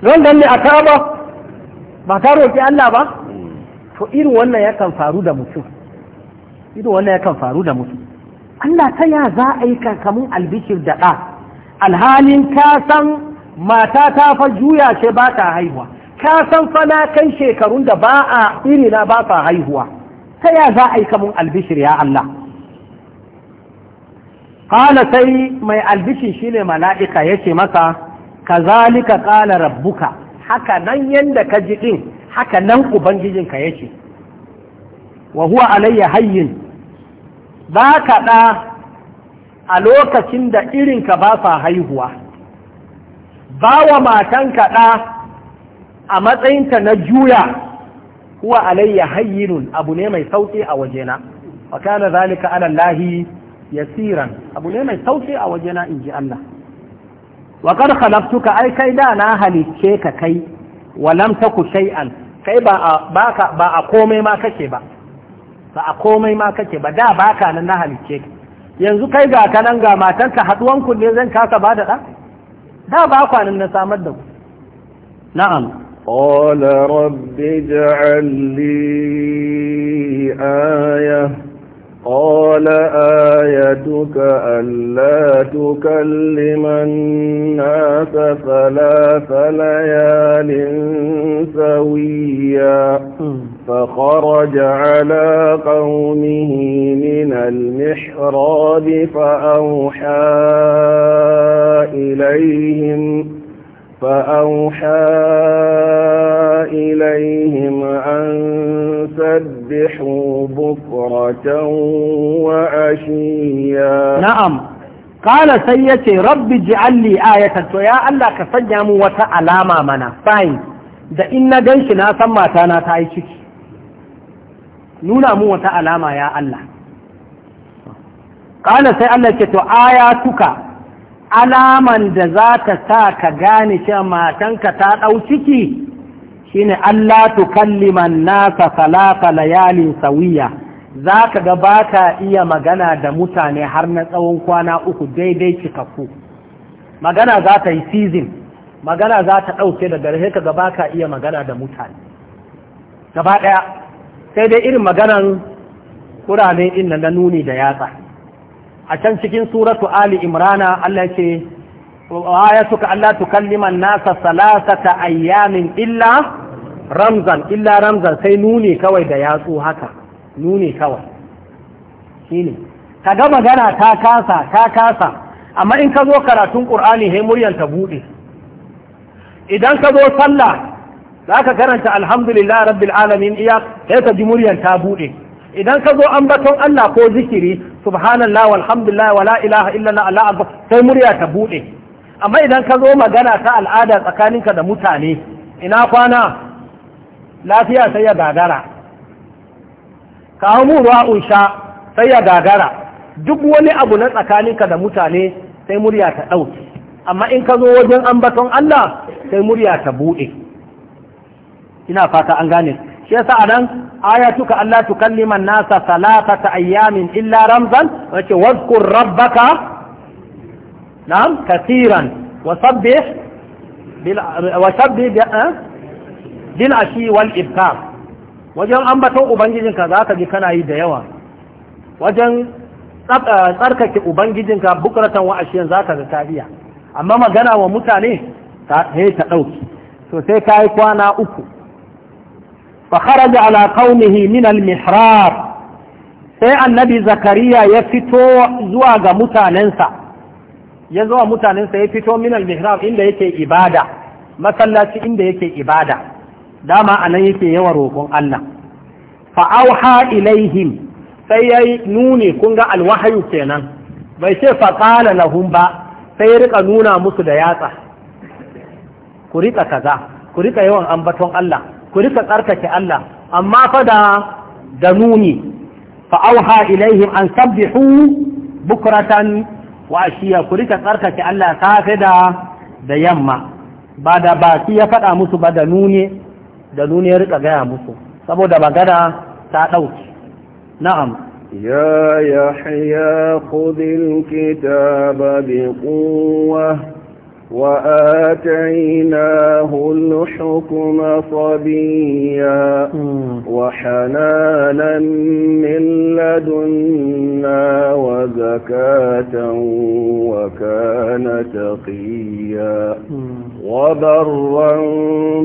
S1: london ne a kaba ba ta roƙi Allah ba to irin wannan yakan faru da mutum irin wannan yakan faru da mutum Allah ta ya za a yi kankamin albishir da ɗa alhalin ka san mata ta fa juya ce ba ta haihuwa ka san fana kan shekarun da ba a irina ba sa haihuwa ta ya za a yi kamun albishir ya Allah kala sai mai albishir shine mala'ika yace masa ka zalika kala rabbuka haka nan yadda ka ji din haka nan ubangijinka yace wa huwa alayya hayyin ba ka ɗa a lokacin da irinka ba sa haihuwa ba wa matanka ɗa a matsayinta na juya kuwa alayya hayyinun abu ne mai sauƙi a wajena wa kana zalika ala lahi yasiran abu ne mai sauƙi a wajena in ji Allah wa qad khalaqtuka ai kai da na halicce ka kai wa lam taku shay'an kai ba a baka ba a komai ma kake ba ba a komai ma kake ba da baka nan na halicce ka yanzu kai ga kanan ga matanka haduwan ku ne zan kasa ba da da da ba kwanin na samar da ku na'am
S2: قال رب اجعل لي آية قال آيتك ألا تكلم الناس ثلاث ليال سويا فخرج على قومه من المحراب فأوحى إليهم فأوحى إليهم أن سبحوا بكرة وأشيا
S1: نعم قال سيتي رب اجعل لي آية يا الله كسجم وتعلام منا فاين da in na gan shi na san matana ta yi ciki nuna mu wata alama ya Allah sai Allah ce to aya tuka alaman da za ta sa ka gane shi matanka ta ɗau ciki ne Allah man nasa salata layalin sawiya za ka ga ba ka iya magana da mutane har na tsawon kwana uku daidai cikakku magana za ta yi season magana za ta ɗauke da gare ka ba ka iya magana da mutane gaba ɗaya sai dai irin maganan kuranen inda na nuni da yatsa a can cikin suratu ali imrana Allah ce ayatuka Allah tukallima nasa salasata ayyamin illa ramzan illa ramzan sai nuni kawai da yatsu haka nuni kawai shine kaga magana ta kasa ta kasa amma in ka zo karatun qur'ani sai muryan ta bude idan ka zo sallah zaka karanta alhamdulillah rabbil alamin iya sai ka ji muryan ta bude idan ka zo ambaton Allah ko zikiri subhanallah walhamdulillah wala ilaha illallah Allah akbar sai murya ta bude amma idan ka zo magana ta al'ada tsakaninka da mutane ina kwana lafiya sai ya gagara ka hamu ruwa unsha sai ya gagara duk wani abu na tsakaninka da mutane sai murya ta ɗauki amma in ka zo wajen ambaton Allah sai murya ta buɗe ina fata an gane shi yasa anan ayatuka Allah tukallima nasa salatata ayyamin illa ramzan wace wazkur rabbaka na'am kasiran wa sabbih bil wa sabbih eh, bil wal wajen ambaton ubangijinka zaka ji kana yi da yawa wajen eh, tsarkake ubangijinka bukratan wa ashiyan zaka ga amma magana wa mutane ta ta dauki to sai kai kwana uku fa kharaja ala qaumihi min sai annabi zakariya ya fito zuwa ga mutanensa ya zuwa mutanensa ya fito min al inda yake ibada masallaci inda yake ibada dama anan yake yawan roƙon Allah fa auha ilaihim sai yayi nuni kun ga alwahayu kenan bai ce fa qala lahum ba sai ya rika nuna musu da yatsa ku rika kaza ku rika yawan ambaton Allah ku rika tsarkake Allah amma fada da nuni fa auha ilaihim an sabbihu bukratan wa ashiya ku rika tsarkake Allah safe da da yamma ba da baki ya faɗa musu ba da nuni da nuni ya rika gaya musu saboda magana ta dauki na'am
S2: يا يحيى خذ الكتاب بقوه وآتيناه الحكم صبيا وحنانا من لدنا وزكاة وكان تقيا وبرا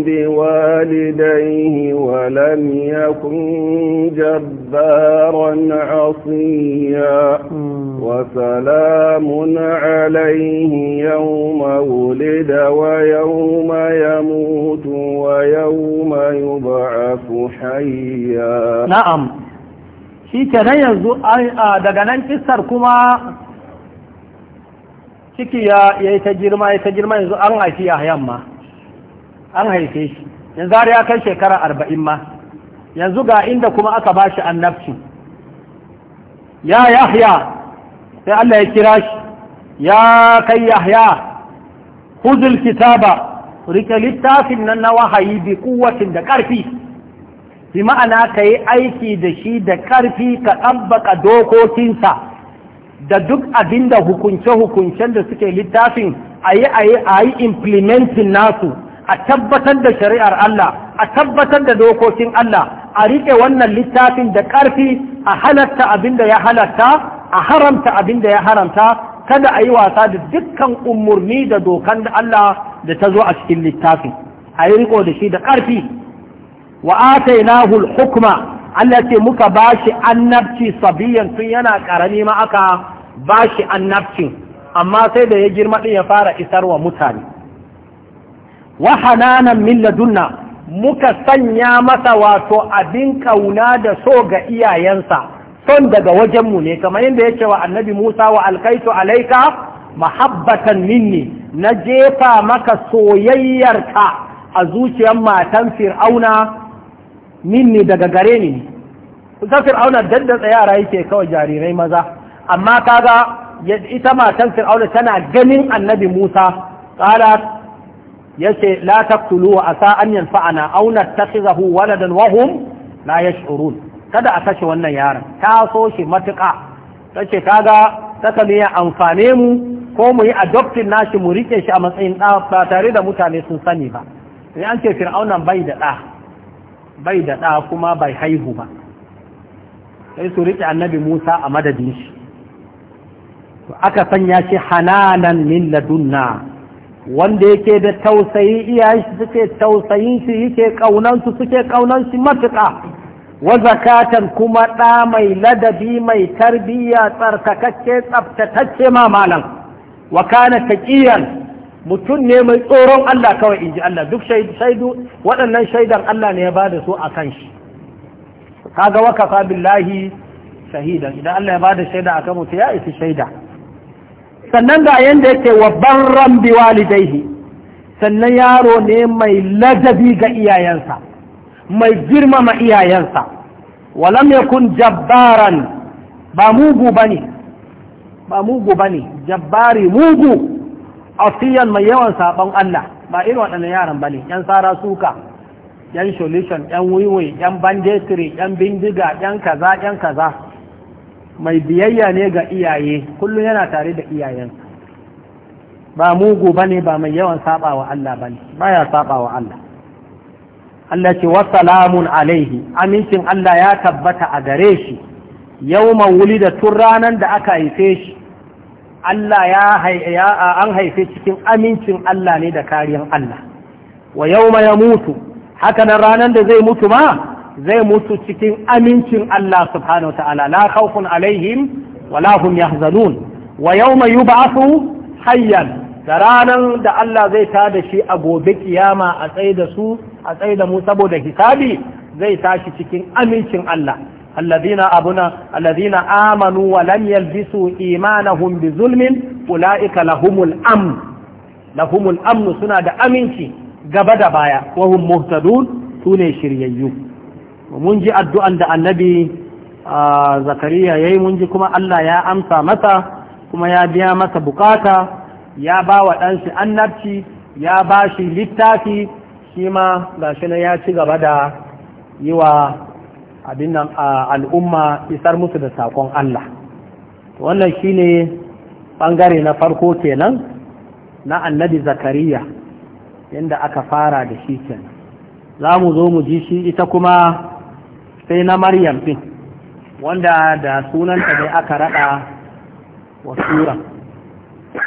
S2: بوالديه ولم يكن جبارا عصيا وسلام عليه يوم يولد ويوم يموت ويوم يبعث حيا
S1: نعم shi kenan yanzu daga nan kisar kuma ciki ya yi ta girma ya ta girma yanzu an haifi a yamma an haife shi yanzu har ya kai shekara arba'in ma yanzu ga inda kuma aka ba shi annabci ya yahya sai Allah ya kira shi ya kai yahya khudul kitaba rike littafin nan na wahayi bi kuwatin da karfi bi ma'ana ka yi aiki da shi da ƙarfi ka tabbaka dokokinsa da duk abinda hukunce-hukuncen da suke littafin a yi a yi implementin nasu a tabbatar da shari'ar Allah a tabbatar da dokokin Allah a riƙe wannan littafin da ƙarfi a halatta abin da ya halatta a haramta abin da ya haramta kada a yi wasa da dukkan umarni da dokan da Allah da ta zo a cikin littafi a yi riko da shi da ƙarfi wa atainahu hukma Allah ce muka bashi annabci sabiyan tun yana ƙarami ma aka bashi annabci amma sai da ya girma ɗin ya fara wa mutane wa hananan min ladunna muka sanya masa wato abin kauna da so ga iyayensa son daga wajenmu ne kamar yadda ya cewa annabi Musa wa alkaitu alaika mahabbatan minni na jefa maka soyayyarka a zuciyar matan fir'auna minni daga gare ni kusa fir'auna daddatsa yara yake kawai jarirai maza amma kaga ita matan fir'auna tana ganin annabi Musa ya yace la taqtuluhu asa an yanfa'ana aw nattakhizahu waladan la yash'urun kada a kashe wannan yaron ta so shi matuƙa ta ce kaga ta ne ya amfane mu ko mu yi adoptin nashi mu rike shi a matsayin ɗa ba tare da mutane sun sani ba sai an ce fir'aunan bai da ɗa bai da ɗa kuma bai haihu ba sai su rike annabi musa a madadin shi aka sanya shi hananan min ladunna wanda yake da tausayi iyayen shi suke tausayin shi yake kaunan su suke kaunan shi matuƙa wa zakatan kuma ɗa mai ladabi mai tarbiyya tsarkakakke tsaftatacce ma malam wa kana taqiyan mutum ne mai tsoron Allah kawai inji Allah duk shaidu waɗannan shaidan Allah ne ya bada su a kan shi kaga wa kafa billahi shahidan idan Allah ya da shaida akan mutum ya isi shaida sannan ga yanda yake wa barran bi walidaihi sannan yaro ne mai ladabi ga iyayensa mai girmama iyayensa wala mai kun jabbaran ba mugu ne ba mugu ne jabbari mugu a fiyan mai yawan sabon Allah ba irin waɗannan yaran bane yan sara suka yan solution yan wiwi yan bandetri yan bindiga yan kaza yan kaza mai biyayya ne ga iyaye kullum yana tare da iyayensa ba mugu ba ne ba mai yawan saɓawa wa Allah ne baya ya wa Allah Allah alaihi amincin Allah ya tabbata a gare shi yawma wulida tun ranan da aka haife shi Allah ya an haife cikin amincin Allah ne da kariyan Allah wa yawma ya mutu hakanan ranar da zai mutu ma zai mutu cikin amincin Allah subhanahu ta'ala alaihim yahzanun da ranar da Allah zai tada shi a gobe kiyama a tsaye da su a tsaye da mu saboda hisabi zai tashi cikin amincin Allah allazina abuna amanu wa lam yalbisu imanahum bi zulmin ulaika lahumul amn lahumul amn suna da aminci gaba da baya wa hum muhtadun sune shiryayyu mun ji addu'an da annabi zakariya yayi mun ji kuma Allah ya amsa masa kuma ya biya masa bukata ya ba wa annabci ya ba shi littafi shi ma ga shi ya ci gaba da yi wa abin nan al'umma isar musu da sakon Allah wannan shi ne ɓangare na farko kenan na annabi zakariya inda aka fara da shi kenan za mu zo mu ji shi ita kuma sai na maryam ɗin, wanda da sunanta ne aka raɗa wa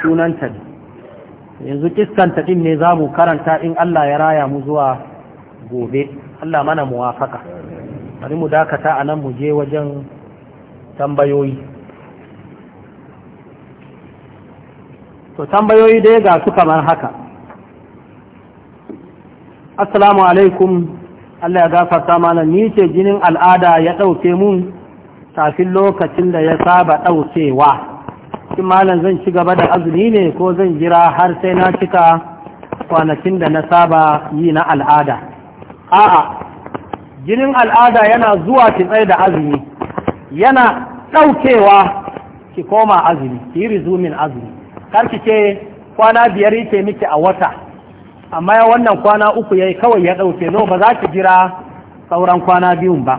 S1: sunanta ne yanzu iskanta ta din ne mu karanta in Allah ya raya mu zuwa gobe Allah mana muwafaka bari mu dakata a nan mu je wajen tambayoyi to tambayoyi dai ga su kamar haka assalamu alaikum Allah ya gafarta mana ni ce jinin al'ada ya ɗauke mun kafin lokacin da ya saba ɗaukewa shi malam zan ci gaba da azumi ne ko zan jira har sai na cika kwanakin da na saba yi na al'ada a'a jinin al'ada yana zuwa ki tsaye da azumi yana ɗaukewa ki koma azumi ki yi rizumin azumi kar ki ce kwana biyar yake miki a wata amma ya wannan kwana uku yayi kawai ya ɗauke no ba za ki jira sauran kwana biyun ba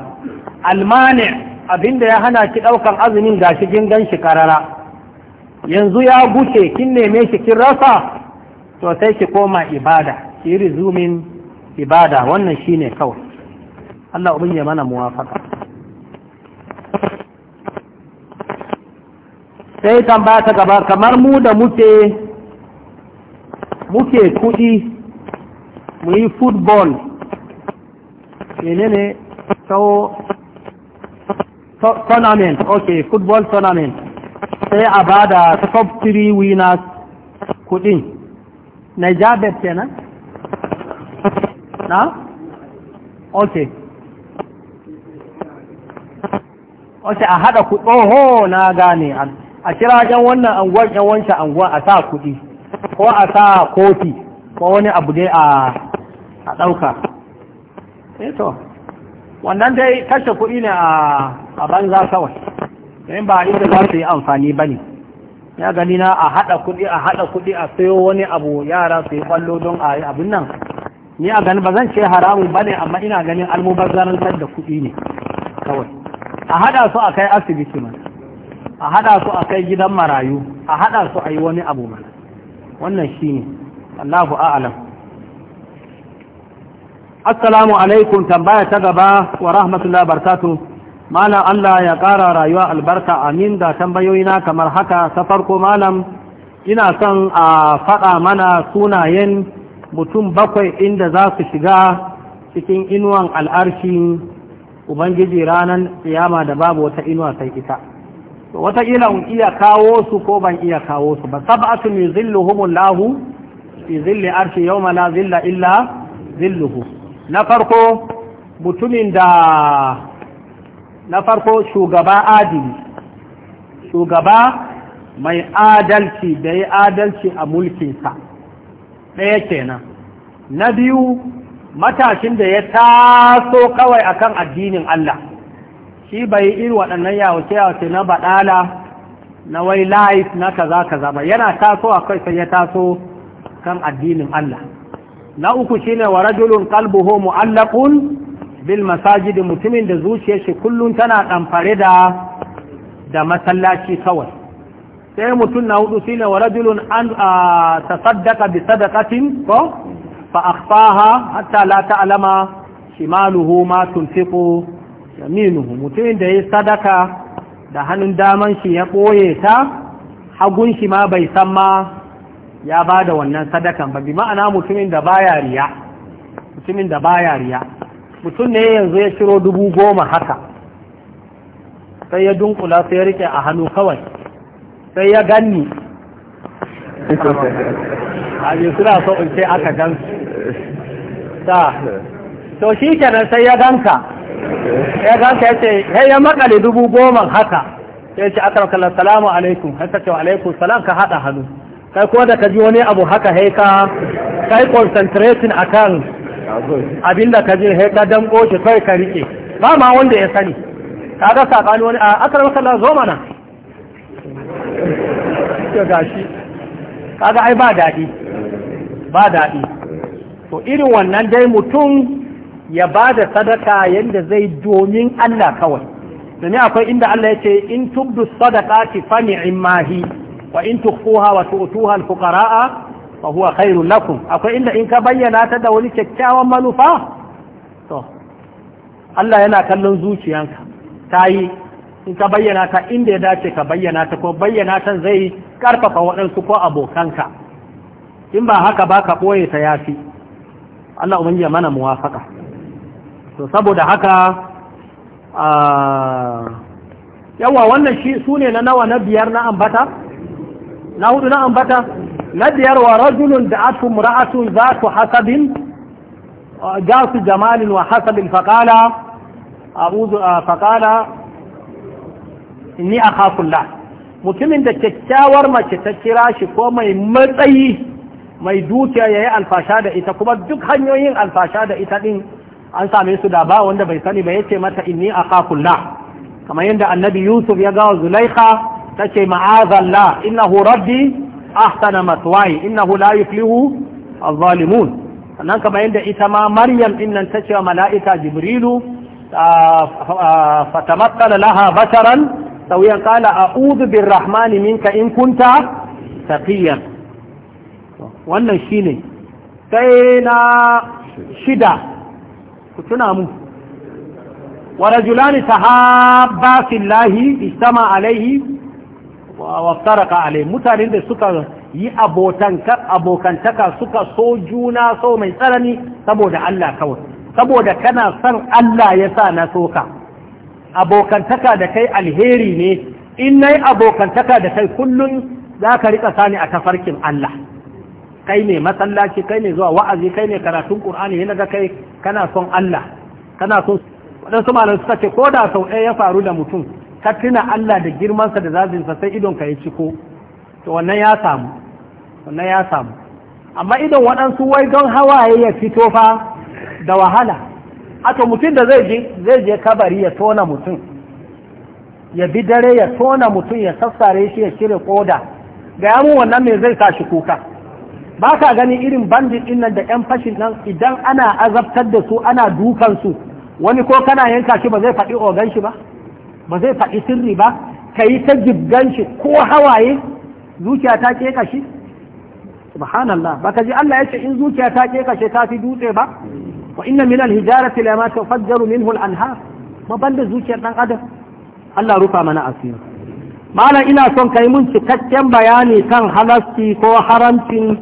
S1: almani abinda ya hana ki ɗaukan azumin shi, gingan shi ƙarara. yanzu ya guce kin neme shi kin rasa to sai ki koma ibada ki rizumin ibada wannan shine kawai Allah ubin ya mana muwafaka sai tambaya ta gaba kamar mu da muke muke kudi mu yi football menene so tournament okay football tournament sai a ba da top 3 winners kudin ke nan? na? ok ok a hada kudin oho na gane a kira yan wannan anguwar yan wancan anguwan a sa kuɗi ko a sa kofi ko wani abu dai a ɗauka eto eh wannan dai kashe kuɗi ne a banza kawai in ba inda za su yi amfani ba ne ya gani na a haɗa kuɗi a haɗa kuɗi a sayo wani abu yara su yi kwallo don a yi abin nan ni a gani ba zan ce haramun ba ne amma ina ganin san da kuɗi ne kawai a haɗa su a kai asibiti mana a haɗa su a kai gidan marayu a haɗa su a yi wani abu mana wannan shi ne allahu a'alam assalamu alaikum tambaya ta gaba wa rahmatullahi barakatuh malam Allah ya ƙara rayuwa albarka amin da tambayoyina kamar haka ta farko malam ina son a faɗa mana sunayen mutum bakwai inda za su shiga cikin inuwan al'arshin ubangiji ranar tsiyama da babu wata inuwa sai ita wataƙila in iya kawo su ko ban iya kawo su ba sab'atu min lahu, fi zilli arshi yawma la zilla illa zilluhu na farko mutumin da na farko shugaba adili shugaba mai adalci da ya adalci a mulkinsa ɗaya kenan na biyu matashin da ya taso kawai akan addinin Allah shi bai iri waɗannan yawace-yawace na baɗala na wai laif na kaza kaza ba yana taso kai sai ya taso kan addinin Allah na uku shine wa rajulun qalbuhu mu'allaqun bil masajidi mutumin da zuciyar shi kullum tana ɗamfare da da masallaci kawai sai mutum na hudu shine wa rajulun an tasaddaqa bi sadaqatin ko fa akhfaha hatta la ta'lama shimaluhu ma tunfiqu yaminuhu mutumin da yayi sadaka da hannun daman shi ya ɓoye ta hagun shi ma bai san ma ya ba da wannan sadakan ba bi ma'ana mutumin da baya riya mutumin da baya riya mutum ne yanzu ya shiro dubu goma haka sai ya dunkula sai ya rike a hannu kawai sai ya ganni a yi suna so in ce aka gan ta to shi kenan sai ya ganka ya ganka ya ce sai ya makale dubu goma haka sai ce aka rakala salamu alaikum ka ce alaikum salam ka haɗa hannu kai kuwa da ka ji wani abu haka haika kai concentrating kan. abinda ka je sai ka danko shi kai ka rike ba ma wanda ya sani Ka ga sakani wani a akram sallallahu zo mana ka gashi ga, ai ba daɗi ba daɗi to irin wannan dai mutum ya ba da sadaka yadda zai domin Allah kawai domin akwai inda Allah ya ce in tubdu sadaqati fa mahi, wa in tukhfuha wa tu'tuha al-fuqara'a fa huwa lakum akwai inda in ka bayyana ta da wani kyakkyawan manufa to Allah yana kallon zuciyanka ta yi in ka bayyana ta inda ya dace ka bayyana ta ko bayyana ta zai karfafa waɗansu ko abokanka in ba haka ba ka ɓoye ta yafi Allah umin ya mana muwafaka to saboda haka yawa wannan shi su ne na nawa na biyar na ambata na hudu na ambata na biyar wa rajulun da atu mura'atun za su hasabin za su jamalin wa hasabin faƙala faƙala ni a mutumin da kyakkyawar mace ta kira shi ko mai matsayi mai dukiya ya yi alfasha da ita kuma duk hanyoyin alfasha da ita ɗin an same su da ba wanda bai sani ba ya ce mata inni a kakulla kamar yadda annabi yusuf ya gawa zulaika ta ce ma'azalla innahu rabbi ahsana matwayi innahu la yuflihu az-zalimun sannan kamar yadda ita ma maryam din nan tace mala'ika jibrilu fatamakkala laha basharan sawiyan qala a'udhu birrahmani minka in kunta taqiyan wannan shine sai na shida ku tuna mu wa rajulani tahabba fillahi istama alaihi wafsaraka alai mutanen da suka yi abokantaka suka so juna so mai tsanani saboda Allah kawai saboda kana son Allah ya sa na soka abokantaka da kai alheri ne in nayi abokantaka da kai kullum za ka rika sani a tafarkin Allah kai ne masallaci kai ne zuwa wa'azi kai ne karatun Qur'ani ya naga kai kana son Allah kana son wadansu malam suka ce ko da sau ɗaya ya faru da mutum ka tuna Allah da girmansa da zazinsa sai idonka ya ciko to wannan ya samu wannan ya samu amma idon waɗansu wai don hawaye ya fito fa da wahala ato mutum da zai je kabari ya tona mutum ya bi dare ya tona mutum ya sassare shi ya cire koda ga yamu wannan mai zai sa shi kuka ba ka gani irin bandin ɗin nan da 'yan fashin nan idan ana azabtar da su ana dukansu wani ko kana yanka shi ba zai faɗi ogan shi ba ba zai faɗi sirri ba ka yi ta jibgan shi ko hawaye zuciya ta ke kashi subhanallah ba ka ji Allah ya ce in zuciya ta ke kashe ta fi dutse ba wa inna min al-hijarati lama tafajjaru minhu al-anhar ma banda zuciyar dan adam Allah rufa mana asiri malam ina son kai mun cikakken bayani kan halasti ko haramcin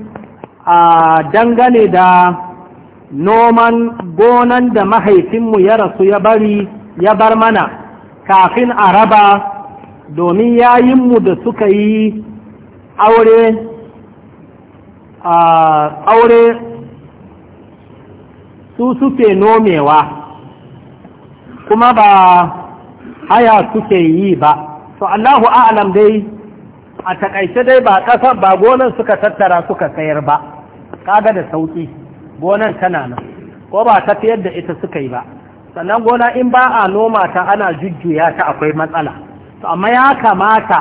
S1: a dangane da noman gonan da mahaifinmu ya rasu ya bari ya bar mana kafin a raba domin yayinmu da suka yi aure aure su suke nomewa kuma ba haya suke yi ba to Allahu a'lam dai a takaice dai ba ƙasar ba gonan suka tattara suka sayar ba kaga da sauki gonan tana nan ko ba ta fi da ita suka yi ba sannan gona in ba a noma ta ana jujjuya ta akwai matsala to amma ya kamata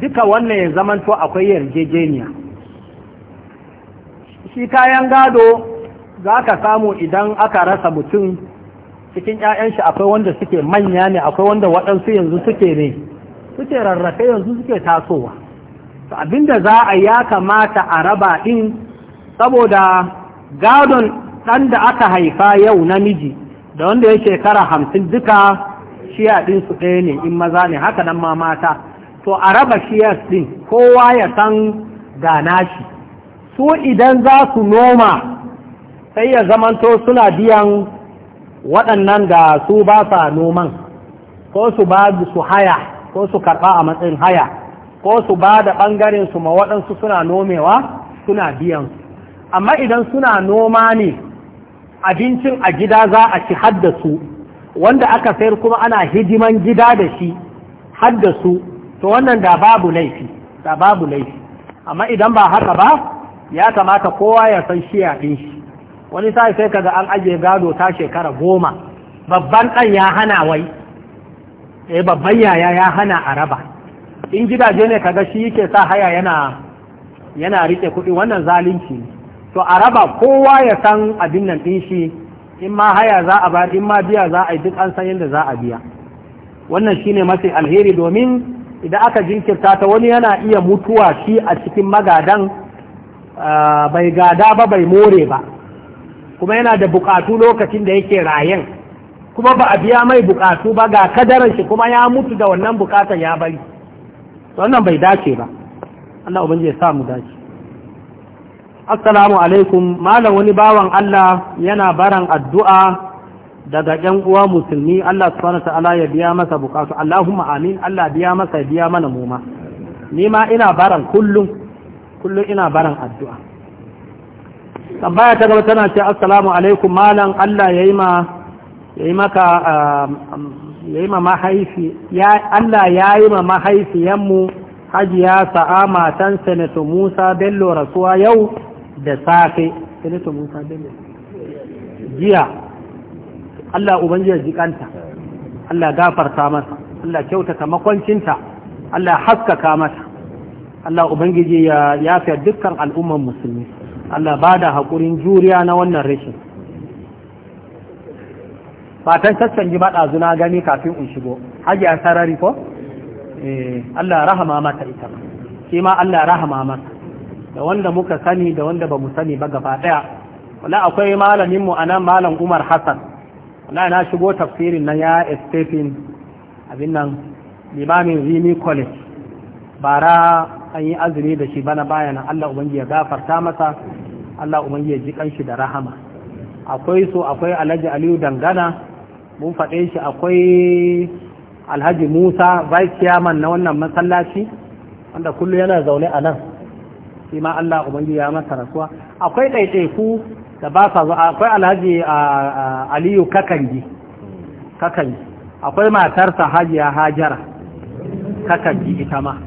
S1: duka wannan ya zamanto akwai yarjejeniya shi kayan gado za ka samu idan aka rasa mutum cikin 'ya'yan shi akwai wanda suke manya ne akwai wanda waɗansu yanzu suke ne suke rarrafe yanzu suke tasowa to abinda za a ya kamata a raba ɗin saboda gadon ɗan da aka haifa yau namiji da wanda ya shekara hamsin duka shiya ɗin su ɗaya ne in maza ne haka nan ma mata to a raba shiyas ɗin kowa ya san gana shi su idan za su noma sai ya zamanto suna biyan waɗannan da su ba sa noman ko su ba su haya ko su karɓa a matsayin haya ko su ba da ɓangarensu ma waɗansu suna nomewa suna biyan amma idan suna noma ne abincin a gida za a ci haddasu wanda aka sayar kuma ana hidiman gida da shi haddasu to wannan da babu laifi da babu laifi amma idan ba haka ba ya kamata kowa ya san shi yaɗin shi wani sai sai kaga an ajiye gado ta shekara goma babban ɗan ya hana wai eh babban yaya ya hana a raba in gidaje ne kaga shi yake sa haya yana yana riƙe kuɗi wannan zalunci ne to a raba kowa ya san abin nan ɗin shi in ma haya za a bayar in ma biya za a yi duk an san yadda za a biya wannan shine masu alheri domin idan aka jinkirta ta wani yana iya mutuwa shi a cikin magadan bai gada ba bai more ba kuma yana da bukatu lokacin da yake rayen kuma ba a biya mai bukatu ba ga kadaran shi kuma ya mutu da wannan bukatan ya bari wannan bai dace ba Allah ubangiji ya sa dace assalamu alaikum malam wani bawan Allah yana baran addu'a daga 'yan uwa musulmi Allah subhanahu wa ta'ala ya biya masa bukatu Allahumma amin Allah biya masa ya biya mana muma. ni ma ina baran kullum kullum ina baran addu'a tambaya ta gaba tana ce assalamu alaikum malam Allah yayi ma maka um, um, ma mahaifi ya yi ma mahaifiyanmu Hajiya Sa'a matan Sanato Musa Bello rasuwa yau da safe senator musa ne jiya allah ubangiji jikanta allah gafarta masa allah kyautata makwancinta allah haskaka mata allah ubangiji ya yafe dukkan al'umman musulmi allah ba da haƙurin juriya na wannan rashin fatan sassan ji baɗa zuna gani kafin in shigo haji a sarari ko? Eh, allah rahama mata ita shi ma Allah rahama mata da wanda muka sani da wanda ba mu sani ba gaba daya wala akwai malamin mu anan malam Umar Hassan wala na shigo tafsirin na ya Stephen abin nan limamin Rimi College bara an yi azumi da shi bana bayana Allah ubangi ya gafarta masa Allah ubangi ya ji kanshi da rahama akwai su akwai Alhaji Aliyu Dangana mun faɗe shi akwai Alhaji Musa vice chairman na wannan masallaci wanda kullu yana zaune a nan shi ma Allah ubangiji ya masa rasuwa akwai ɗaiɗaiku da ba sa zuwa akwai alhaji aliyu kakangi kakangi akwai matarsa hajiya hajara kakangi ita ma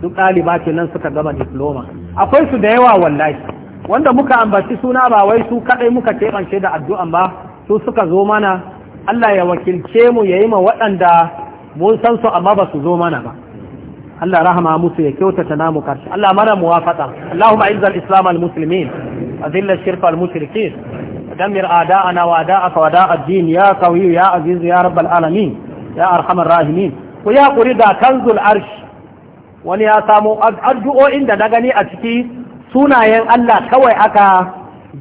S1: duk ɗaliba ce nan suka gama diploma akwai su da yawa wallahi wanda muka ambaci suna ba wai su kaɗai muka keɓance da addu'an ba su suka zo mana Allah ya wakilce mu ya yi ma waɗanda mun san su amma ba su zo mana ba Allah rahama musu ya kyautata namu karshe Allah mana muwafaqa Allahumma izz al-islam al-muslimin azil ash-shirka al-mushrikin damir a'da'ana wa da'aka wa da'a ad-din ya qawi ya aziz ya rabbal alamin ya arhamar rahimin ku ya kuri da kanzul arsh wani ya samu addu'o'in da na gani a ciki sunayen Allah kawai aka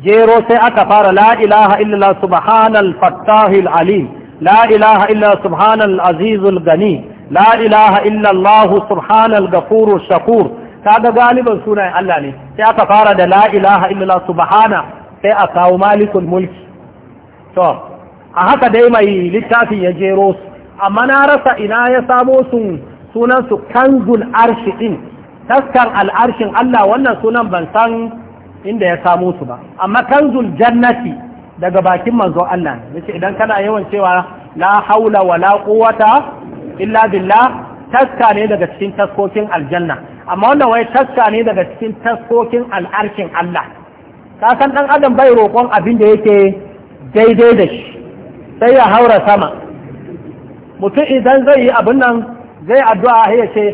S1: jero sai aka fara la ilaha illallah subhanal fattahil alim la ilaha illallah subhanal azizul gani la ilaha illallah subhanal gafuru shakur kaga galiban sunayen Allah ne sai aka fara da la ilaha subhana sai a kawo malikul mulki to a haka dai mai littafin ya jero su amma na rasa ina ya samo su sunan su kanzul arshi din taskar al'arshin Allah wannan sunan ban san inda ya samo su ba amma kanzul jannati daga bakin manzo Allah ne yace idan kana yawan cewa la haula wala quwwata illa billah taska ne daga cikin taskokin aljanna amma wannan wai taska ne daga cikin taskokin al'arkin Allah ka san dan adam bai roƙon abin da yake daidai da shi sai ya haura sama mutum idan zai yi abin nan zai addu'a ya ce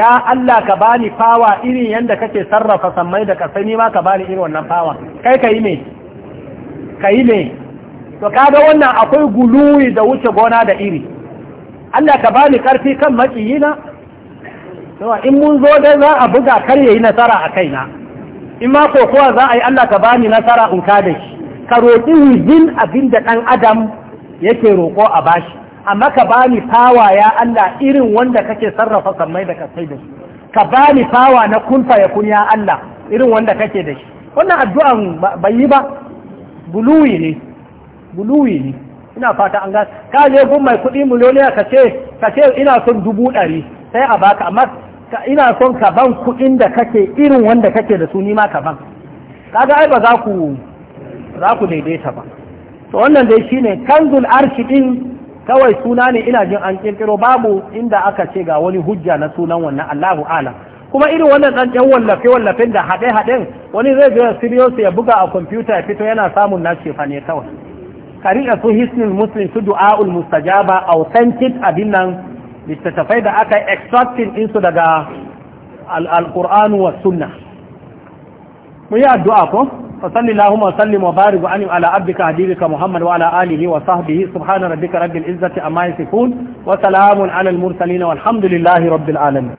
S1: ya Allah ka bani fawa irin yadda kake sarrafa sammai da kasai ni ma ka bani irin wannan fawa kai ka yi me ka yi me to kaga wannan akwai guluwi da wuce gona da iri Allah ka bani karfi kan makiyina yawa in mun zo dai za a buga kar yayi nasara a kaina in ma kokowa za a yi Allah ka bani nasara in ka da shi ka roƙi wujin abin da ɗan adam yake roƙo a bashi amma ka bani fawa ya Allah irin wanda kake sarrafa sammai da kasai da shi ka bani fawa na kunfa ya kun ya Allah irin wanda kake da shi wannan addu'an bai yi ba buluwi ne buluwi ne ina fata an gane ka je gun mai kudi miliyoniya ka ce ka ina son dubu ɗari sai a baka amma ina son ka ban kuɗin da kake irin wanda kake da su ni ma ka ban kaga ai ba za ku za ku daidaita ba to wannan dai shine kanzul arshi din kawai suna ne ina jin an kirkiro babu inda aka ce ga wani hujja na sunan wannan Allahu alam kuma irin wannan dan yan wallafe wallafen da haɗe-haɗen wani zai je studio ya buga a computer ya fito yana samun nashi fa ne kawai tariƙa su hisnul muslim su du'a'ul mustajaba authentic abin nan littattafai da aka extracting ɗinsu daga al'ur'anu wa sunna mu yi addu'a ko فصل اللهم وسلم وبارك وانعم على عبدك حبيبك محمد وعلى اله وصحبه سبحان ربك رب العزه عما يصفون وسلام على المرسلين والحمد لله رب العالمين